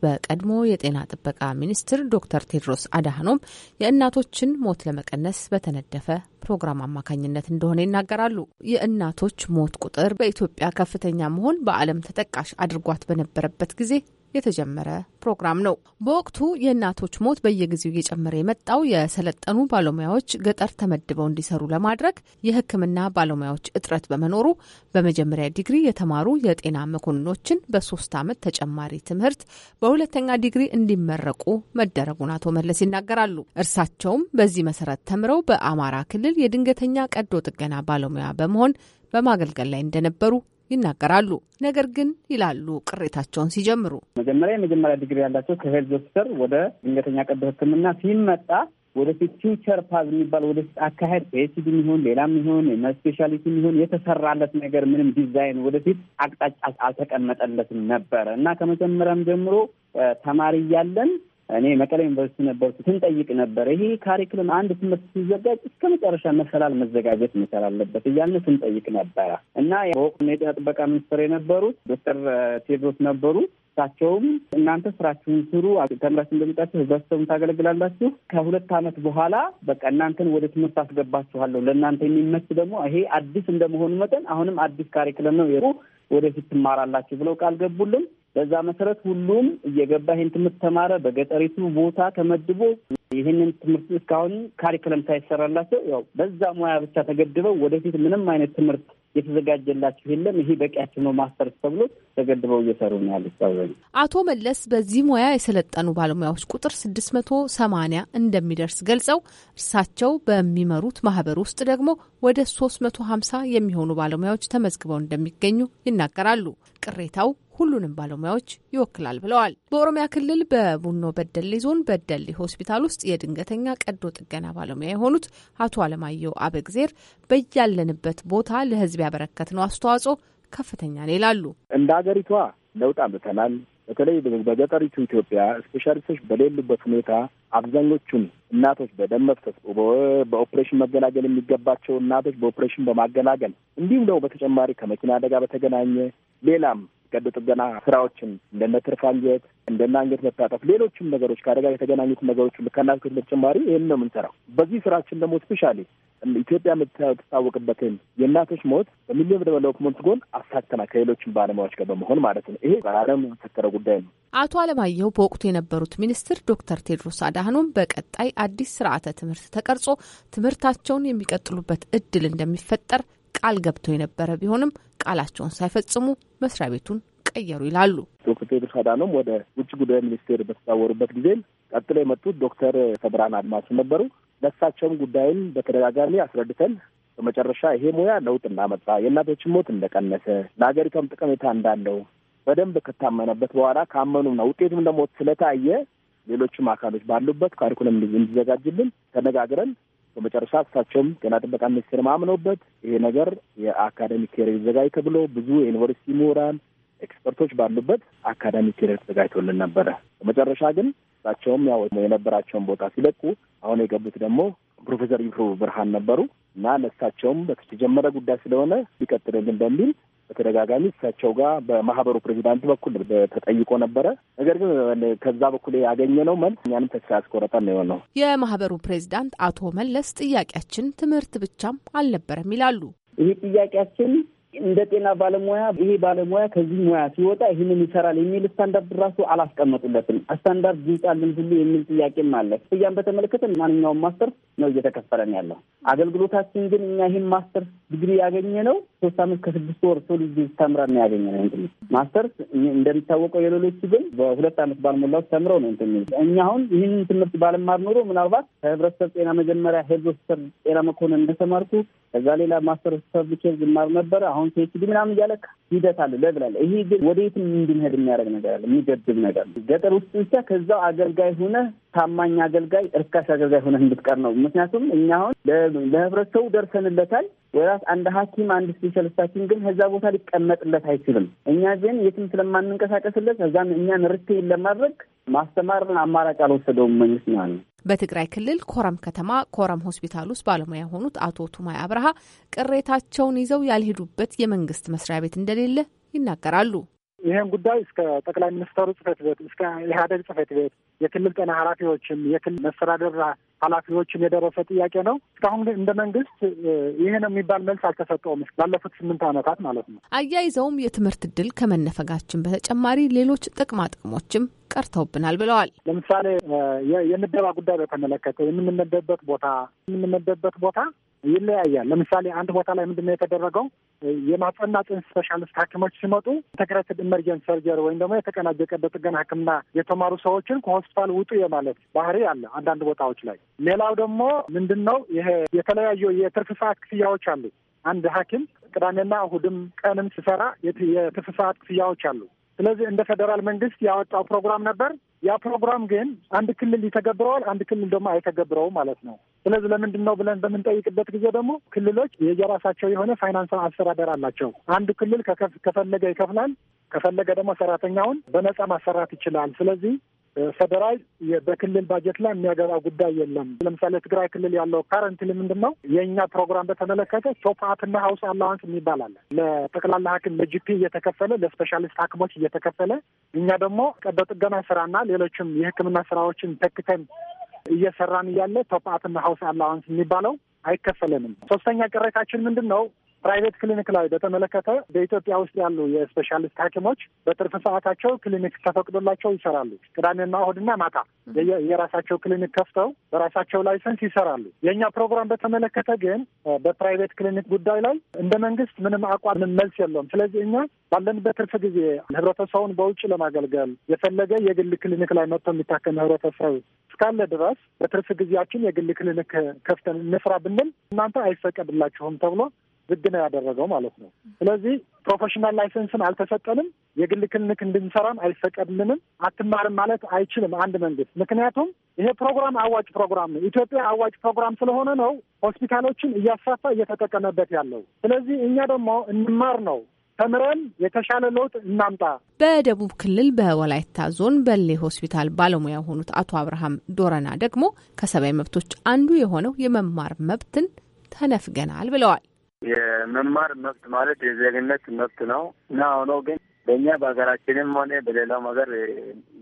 S12: በቀድሞ የጤና ጥበቃ ሚኒስትር ዶክተር ቴድሮስ አድሃኖም የእናቶችን ሞት ለመቀነስ በተነደፈ ፕሮግራም አማካኝነት እንደሆነ ይናገራሉ። የእናቶች ሞት ቁጥር በኢትዮጵያ ከፍተኛ መሆን በዓለም ተጠቃሽ አድርጓት በነበረበት ጊዜ የተጀመረ ፕሮግራም ነው። በወቅቱ የእናቶች ሞት በየጊዜው እየጨመረ የመጣው የሰለጠኑ ባለሙያዎች ገጠር ተመድበው እንዲሰሩ ለማድረግ የሕክምና ባለሙያዎች እጥረት በመኖሩ በመጀመሪያ ዲግሪ የተማሩ የጤና መኮንኖችን በሶስት ዓመት ተጨማሪ ትምህርት በሁለተኛ ዲግሪ እንዲመረቁ መደረጉን አቶ መለስ ይናገራሉ። እርሳቸውም በዚህ መሰረት ተምረው በአማራ ክልል የድንገተኛ ቀዶ ጥገና ባለሙያ በመሆን በማገልገል ላይ እንደነበሩ ይናገራሉ። ነገር ግን ይላሉ ቅሬታቸውን ሲጀምሩ
S3: መጀመሪያ የመጀመሪያ ዲግሪ ያላቸው ከሄልዝ ኦፊሰር ወደ ድንገተኛ ቀዶ ሕክምና ሲመጣ ወደፊት ፊውቸር ፓዝ የሚባል ወደፊት አካሄድ በኤሲድ ሚሆን ሌላም ሚሆን ስፔሻሊቲ ሚሆን የተሰራለት ነገር ምንም ዲዛይን ወደፊት አቅጣጫ አልተቀመጠለትም ነበረ እና ከመጀመሪያም ጀምሮ ተማሪ እያለን እኔ መቀሌ ዩኒቨርሲቲ ነበርኩ፣ ስንጠይቅ ነበር። ይሄ ካሪክለም አንድ ትምህርት ሲዘጋጅ እስከ መጨረሻ መሰላል መዘጋጀት መቻል አለበት እያልን ስንጠይቅ ነበረ እና በወቅቱ የጤና ጥበቃ ሚኒስትር የነበሩት ዶክተር ቴድሮስ ነበሩ። እሳቸውም እናንተ ስራችሁን ስሩ፣ ተምራችሁ እንደሚጣችሁ ህብረተሰቡን ታገለግላላችሁ። ከሁለት አመት በኋላ በቃ እናንተን ወደ ትምህርት አስገባችኋለሁ። ለእናንተ የሚመች ደግሞ ይሄ አዲስ እንደመሆኑ መጠን አሁንም አዲስ ካሪክለም ነው ወደፊት ትማራላችሁ ብለው ቃል ገቡልን። በዛ መሰረት ሁሉም እየገባ ይህን ትምህርት ተማረ። በገጠሪቱ ቦታ ተመድቦ ይህንን ትምህርት እስካሁን ካሪክለም ሳይሰራላቸው ያው በዛ ሙያ ብቻ ተገድበው ወደፊት ምንም አይነት ትምህርት የተዘጋጀላችሁ የለም፣ ይሄ በቂያቸው ነው ማስተርስ ተብሎ ተገድበው እየሰሩ ነው ያሉት።
S12: አቶ መለስ በዚህ ሙያ የሰለጠኑ ባለሙያዎች ቁጥር ስድስት መቶ ሰማኒያ እንደሚደርስ ገልጸው እርሳቸው በሚመሩት ማህበር ውስጥ ደግሞ ወደ ሶስት መቶ ሀምሳ የሚሆኑ ባለሙያዎች ተመዝግበው እንደሚገኙ ይናገራሉ። ቅሬታው ሁሉንም ባለሙያዎች ይወክላል ብለዋል። በኦሮሚያ ክልል በቡኖ በደሌ ዞን በደሌ ሆስፒታል ውስጥ የድንገተኛ ቀዶ ጥገና ባለሙያ የሆኑት አቶ አለማየሁ አበግዜር በያለንበት ቦታ ለሕዝብ ያበረከትነው አስተዋጽኦ ከፍተኛ ነው ይላሉ። እንደ
S3: ሀገሪቷ ለውጥ አምጥተናል። በተለይ በገጠሪቱ ኢትዮጵያ ስፔሻሊስቶች በሌሉበት ሁኔታ አብዛኞቹን እናቶች በደም መፍሰስ በኦፕሬሽን መገላገል የሚገባቸው እናቶች በኦፕሬሽን በማገላገል እንዲሁም ደግሞ በተጨማሪ ከመኪና አደጋ በተገናኘ ሌላም ቀዶ ጥገና ስራዎችን እንደነ ትርፍ አንጀት እንደነ አንጀት መታጠፍ፣ ሌሎችም ነገሮች ከአደጋ የተገናኙት ነገሮች ከናልኩት በተጨማሪ ይህን ነው የምንሰራው። በዚህ ስራችን ደግሞ ስፔሻሊ ኢትዮጵያ የምትታወቅበትን የእናቶች ሞት በሚሊዮን ዴቨሎፕመንት ጎን አሳተና ከሌሎችም ባለሙያዎች ጋር በመሆን ማለት ነው። ይሄ ዓለም ተከረ ጉዳይ ነው።
S12: አቶ አለማየሁ በወቅቱ የነበሩት ሚኒስትር ዶክተር ቴድሮስ አድሃኖም በቀጣይ አዲስ ስርዓተ ትምህርት ተቀርጾ ትምህርታቸውን የሚቀጥሉበት እድል እንደሚፈጠር ቃል ገብተው የነበረ ቢሆንም ቃላቸውን ሳይፈጽሙ መስሪያ ቤቱን ቀየሩ ይላሉ።
S3: ዶክተር አዳኖም ወደ ውጭ ጉዳይ ሚኒስቴር በተዛወሩበት ጊዜ ቀጥሎ የመጡት ዶክተር ተብራን አድማሱ ነበሩ። ለሳቸውም ጉዳይን በተደጋጋሚ አስረድተን በመጨረሻ ይሄ ሙያ ለውጥ እንዳመጣ፣ የእናቶችን ሞት እንደቀነሰ፣ ለሀገሪቷም ጠቀሜታ እንዳለው በደንብ ከታመነበት በኋላ ነው ውጤቱም ደግሞ ስለታየ ሌሎችም አካሎች ባሉበት ካሪኩለም እንዲዘጋጅልን ተነጋግረን በመጨረሻ እሳቸውም ጤና ጥበቃ ሚኒስቴር ማምነውበት ይሄ ነገር የአካደሚክ ኬር ይዘጋጅ ተብሎ ብዙ የዩኒቨርሲቲ ምሁራን ኤክስፐርቶች ባሉበት አካዳሚክ ኬር ተዘጋጅቶልን ነበረ። በመጨረሻ ግን እሳቸውም ያው የነበራቸውን ቦታ ሲለቁ አሁን የገቡት ደግሞ ፕሮፌሰር ይፍሩ ብርሃን ነበሩ እና ለእሳቸውም በተጀመረ ጉዳይ ስለሆነ ሊቀጥልልን በሚል በተደጋጋሚ እሳቸው ጋር በማህበሩ ፕሬዚዳንት በኩል ተጠይቆ ነበረ። ነገር ግን ከዛ በኩል ነው መልስ እኛንም ተስፋ ያስቆረጠን ነው የሆነው።
S12: የማህበሩ ፕሬዚዳንት አቶ መለስ ጥያቄያችን ትምህርት ብቻም አልነበረም ይላሉ።
S3: ይህ ጥያቄያችን እንደ ጤና ባለሙያ ይሄ ባለሙያ ከዚህ ሙያ ሲወጣ ይህንን ይሰራል የሚል ስታንዳርድ ራሱ አላስቀመጡለትም። ስታንዳርድ ይውጣልን ሁሉ የሚል ጥያቄም አለ። እያን በተመለከተ ማንኛውም ማስተርስ ነው እየተከፈለን ያለው አገልግሎታችን ግን እኛ ይህን ማስተር ዲግሪ ያገኘ ነው ሶስት አመት ከስድስት ወር ሶሊድ ተምረን ነው ያገኘ ነው። እንትን ማስተር እንደሚታወቀው የሌሎቹ ግን በሁለት አመት ባልሞላው ተምረው ነው እንትን እኛ አሁን ይህንን ትምህርት ባለማር ኖሮ ምናልባት ከህብረተሰብ ጤና መጀመሪያ ሄድ ዶክተር ጤና መኮንን እንደተማርኩ ከዛ ሌላ ማስተርስ ሰርቲፊኬት ዝማር ነበረ። አሁን ፒኤችዲ ምናምን እያለ ሂደት አለ ለብላለ። ይሄ ግን ወደ የትም እንድንሄድ የሚያደርግ ነገር አለ፣ የሚገድብ ነገር ነው። ገጠር ውስጥ ብቻ ከዛው አገልጋይ ሆነ ታማኝ አገልጋይ፣ እርካሽ አገልጋይ ሆነ እንድትቀር ነው። ምክንያቱም እኛ አሁን ለህብረተሰቡ ደርሰንለታል። ወራት አንድ ሐኪም አንድ ስፔሻሊስት ሐኪም ግን ከዛ ቦታ ሊቀመጥለት አይችልም። እኛ ግን የትም ስለማንንቀሳቀስለት ከዛም እኛን ርቴን ለማድረግ ማስተማርን አማራጭ አልወሰደውም መንግስት ነው።
S12: በትግራይ ክልል ኮረም ከተማ ኮረም ሆስፒታል ውስጥ ባለሙያ የሆኑት አቶ ቱማይ አብርሃ ቅሬታቸውን ይዘው ያልሄዱበት የመንግስት መስሪያ ቤት እንደሌለ ይናገራሉ።
S3: ይህን ጉዳይ እስከ ጠቅላይ ሚኒስተሩ ጽህፈት ቤት፣ እስከ ኢህአዴግ ጽህፈት ቤት፣ የክልል ጤና ኃላፊዎችም የክልል መስተዳደር ኃላፊዎችም የደረሰ ጥያቄ ነው። እስካሁን ግን እንደ መንግስት ይህን የሚባል መልስ አልተሰጠውም ላለፉት ስምንት ዓመታት ማለት ነው።
S12: አያይዘውም የትምህርት እድል ከመነፈጋችን በተጨማሪ ሌሎች ጥቅማ ጥቅሞችም ቀርተውብናል ብለዋል። ለምሳሌ
S3: የምደባ ጉዳይ በተመለከተ የምንመደበት ቦታ የምንመደበት ቦታ ይለያያል። ለምሳሌ አንድ ቦታ ላይ ምንድነው የተደረገው? የማህፀንና ጽንስ ስፔሻሊስት ሐኪሞች ሲመጡ ኢንተግሬትድ ኢመርጀንስ ሰርጀሪ ወይም ደግሞ የተቀናጀ ቀዶ ጥገና ሕክምና የተማሩ ሰዎችን ከሆስፒታል ውጡ የማለት ባህሪ አለ አንዳንድ ቦታዎች ላይ። ሌላው ደግሞ ምንድን ነው ይሄ የተለያዩ የትርፍ ሰዓት ክፍያዎች አሉ። አንድ ሐኪም ቅዳሜና እሁድም ቀንም ሲሰራ የትርፍ ሰዓት ክፍያዎች አሉ። ስለዚህ እንደ ፌዴራል መንግስት ያወጣው ፕሮግራም ነበር። ያ ፕሮግራም ግን አንድ ክልል ይተገብረዋል፣ አንድ ክልል ደግሞ አይተገብረውም ማለት ነው። ስለዚህ ለምንድን ነው ብለን በምንጠይቅበት ጊዜ ደግሞ ክልሎች የየራሳቸው የሆነ ፋይናንስ አስተዳደር አላቸው። አንዱ ክልል ከፈለገ ይከፍላል፣ ከፈለገ ደግሞ ሰራተኛውን በነፃ ማሰራት ይችላል። ስለዚህ ፌዴራል በክልል ባጀት ላይ የሚያገባ ጉዳይ የለም። ለምሳሌ ትግራይ ክልል ያለው ካረንትሊ ምንድን ነው የእኛ ፕሮግራም በተመለከተ ቶፕአፕና ሀውስ አላዋንስ የሚባል አለ። ለጠቅላላ ሐኪም ለጂፒ እየተከፈለ ለስፔሻሊስት ሐኪሞች እየተከፈለ እኛ ደግሞ ቀዶ ጥገና ስራና ሌሎችም የህክምና ስራዎችን ተክተን እየሰራን እያለ ቶፕአፕና ሀውስ አላዋንስ የሚባለው አይከፈለንም። ሶስተኛ ቅሬታችን ምንድን ነው? ፕራይቬት ክሊኒክ ላይ በተመለከተ በኢትዮጵያ ውስጥ ያሉ የስፔሻሊስት ሐኪሞች በትርፍ ሰዓታቸው ክሊኒክ ተፈቅዶላቸው ይሰራሉ። ቅዳሜና እሁድና ማታ የራሳቸው ክሊኒክ ከፍተው በራሳቸው ላይሰንስ ይሰራሉ። የእኛ ፕሮግራም በተመለከተ ግን በፕራይቬት ክሊኒክ ጉዳይ ላይ እንደ መንግስት ምንም አቋም መልስ የለውም። ስለዚህ እኛ ባለንበት ትርፍ ጊዜ ህብረተሰቡን በውጭ ለማገልገል የፈለገ የግል ክሊኒክ ላይ መጥቶ የሚታከም ህብረተሰብ እስካለ ድረስ በትርፍ ጊዜያችን የግል ክሊኒክ ከፍተን እንስራ ብንል እናንተ አይፈቀድላችሁም ተብሎ ግድ ነው ያደረገው ማለት ነው። ስለዚህ ፕሮፌሽናል ላይሰንስን አልተሰጠንም፣ የግል ክሊኒክ እንድንሰራም አይፈቀድልንም፣ አትማርም ማለት አይችልም አንድ መንግስት። ምክንያቱም ይሄ ፕሮግራም አዋጭ ፕሮግራም ነው። ኢትዮጵያ አዋጭ ፕሮግራም ስለሆነ ነው ሆስፒታሎችን እያስፋፋ እየተጠቀመበት ያለው። ስለዚህ እኛ ደግሞ እንማር ነው ተምረን የተሻለ ለውጥ እናምጣ።
S12: በደቡብ ክልል በወላይታ ዞን በሌ ሆስፒታል ባለሙያ የሆኑት አቶ አብርሃም ዶረና ደግሞ ከሰብአዊ መብቶች አንዱ የሆነው የመማር መብትን ተነፍገናል ብለዋል።
S3: የመማር መብት ማለት የዜግነት መብት ነው እና ሆኖ ግን በእኛ በሀገራችንም ሆነ በሌላው ሀገር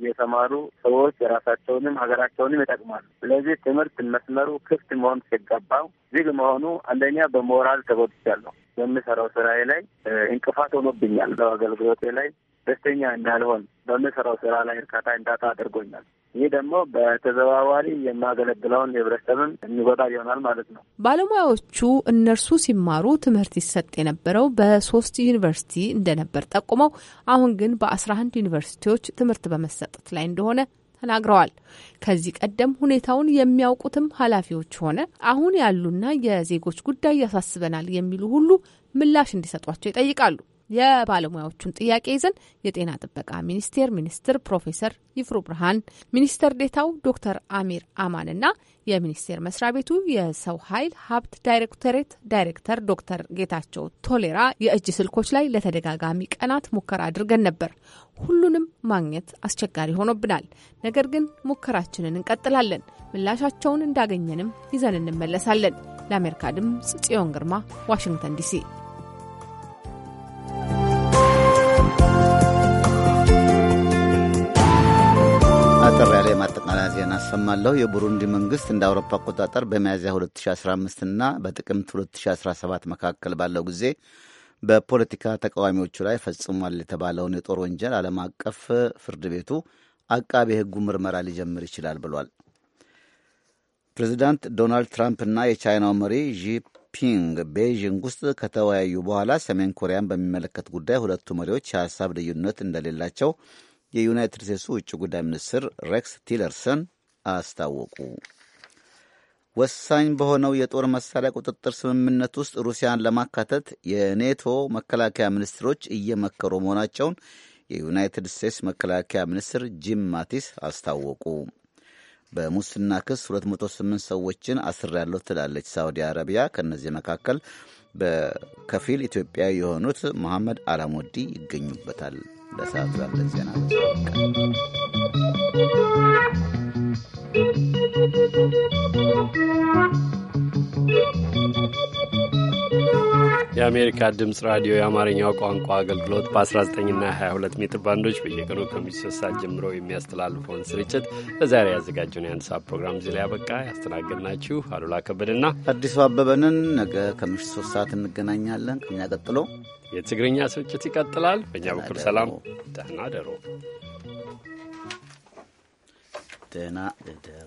S3: የተማሩ ሰዎች የራሳቸውንም ሀገራቸውንም ይጠቅማሉ። ስለዚህ ትምህርት መስመሩ ክፍት መሆን ሲገባው ዝግ መሆኑ አንደኛ በሞራል ተጎድቻለሁ። በምሰራው ስራዬ ላይ እንቅፋት ሆኖብኛል። በአገልግሎቴ ላይ ደስተኛ እንዳልሆን፣ በምሰራው ስራ ላይ እርካታ እንዳታ አድርጎኛል። ይህ ደግሞ በተዘዋዋሪ የማገለግለውን የህብረተሰብን የሚጎዳ ይሆናል ማለት ነው።
S12: ባለሙያዎቹ እነርሱ ሲማሩ ትምህርት ይሰጥ የነበረው በሶስት ዩኒቨርሲቲ እንደነበር ጠቁመው አሁን ግን በአስራ አንድ ዩኒቨርሲቲዎች ትምህርት በመሰጠት ላይ እንደሆነ ተናግረዋል። ከዚህ ቀደም ሁኔታውን የሚያውቁትም ኃላፊዎች ሆነ አሁን ያሉና የዜጎች ጉዳይ ያሳስበናል የሚሉ ሁሉ ምላሽ እንዲሰጧቸው ይጠይቃሉ። የባለሙያዎቹን ጥያቄ ይዘን የጤና ጥበቃ ሚኒስቴር ሚኒስትር ፕሮፌሰር ይፍሩ ብርሃን፣ ሚኒስትር ዴታው ዶክተር አሚር አማን እና የሚኒስቴር መስሪያ ቤቱ የሰው ኃይል ሀብት ዳይሬክቶሬት ዳይሬክተር ዶክተር ጌታቸው ቶሌራ የእጅ ስልኮች ላይ ለተደጋጋሚ ቀናት ሙከራ አድርገን ነበር። ሁሉንም ማግኘት አስቸጋሪ ሆኖብናል። ነገር ግን ሙከራችንን እንቀጥላለን። ምላሻቸውን እንዳገኘንም ይዘን እንመለሳለን። ለአሜሪካ ድምጽ ጽዮን ግርማ ዋሽንግተን ዲሲ
S4: ማጠቃለያ ዜና አሰማለሁ። የቡሩንዲ መንግስት እንደ አውሮፓ አቆጣጠር በሚያዝያ 2015 እና በጥቅምት 2017 መካከል ባለው ጊዜ በፖለቲካ ተቃዋሚዎቹ ላይ ፈጽሟል የተባለውን የጦር ወንጀል ዓለም አቀፍ ፍርድ ቤቱ አቃቤ ሕጉ ምርመራ ሊጀምር ይችላል ብሏል። ፕሬዚዳንት ዶናልድ ትራምፕ እና የቻይናው መሪ ዢ ፒንግ ቤይዥንግ ውስጥ ከተወያዩ በኋላ ሰሜን ኮሪያን በሚመለከት ጉዳይ ሁለቱ መሪዎች የሀሳብ ልዩነት እንደሌላቸው የዩናይትድ ስቴትሱ ውጭ ጉዳይ ሚኒስትር ሬክስ ቲለርሰን አስታወቁ። ወሳኝ በሆነው የጦር መሳሪያ ቁጥጥር ስምምነት ውስጥ ሩሲያን ለማካተት የኔቶ መከላከያ ሚኒስትሮች እየመከሩ መሆናቸውን የዩናይትድ ስቴትስ መከላከያ ሚኒስትር ጂም ማቲስ አስታወቁ። በሙስና ክስ 208 ሰዎችን አስሬያለሁ ትላለች ሳውዲ አረቢያ። ከእነዚህ መካከል በከፊል ኢትዮጵያዊ የሆኑት መሐመድ አላሙዲ ይገኙበታል። ለሰዓት ያለ
S12: ዜና
S1: Thank you. የአሜሪካ ድምፅ ራዲዮ የአማርኛው ቋንቋ አገልግሎት በ19ና 22 ሜትር ባንዶች በየቀኑ ከምሽቱ ሰዓት ጀምሮ የሚያስተላልፈውን ስርጭት ለዛሬ ያዘጋጀውን የአንድ ሰዓት ፕሮግራም እዚህ ላይ ያበቃ። ያስተናገድናችሁ አሉላ ከበደና አዲሱ አበበንን። ነገ ከምሽቱ ሶስት ሰዓት እንገናኛለን። ከኛ ቀጥሎ የትግርኛ ስርጭት ይቀጥላል። በእኛ በኩል ሰላም፣
S9: ደህና ደሮ ደህና ደሮ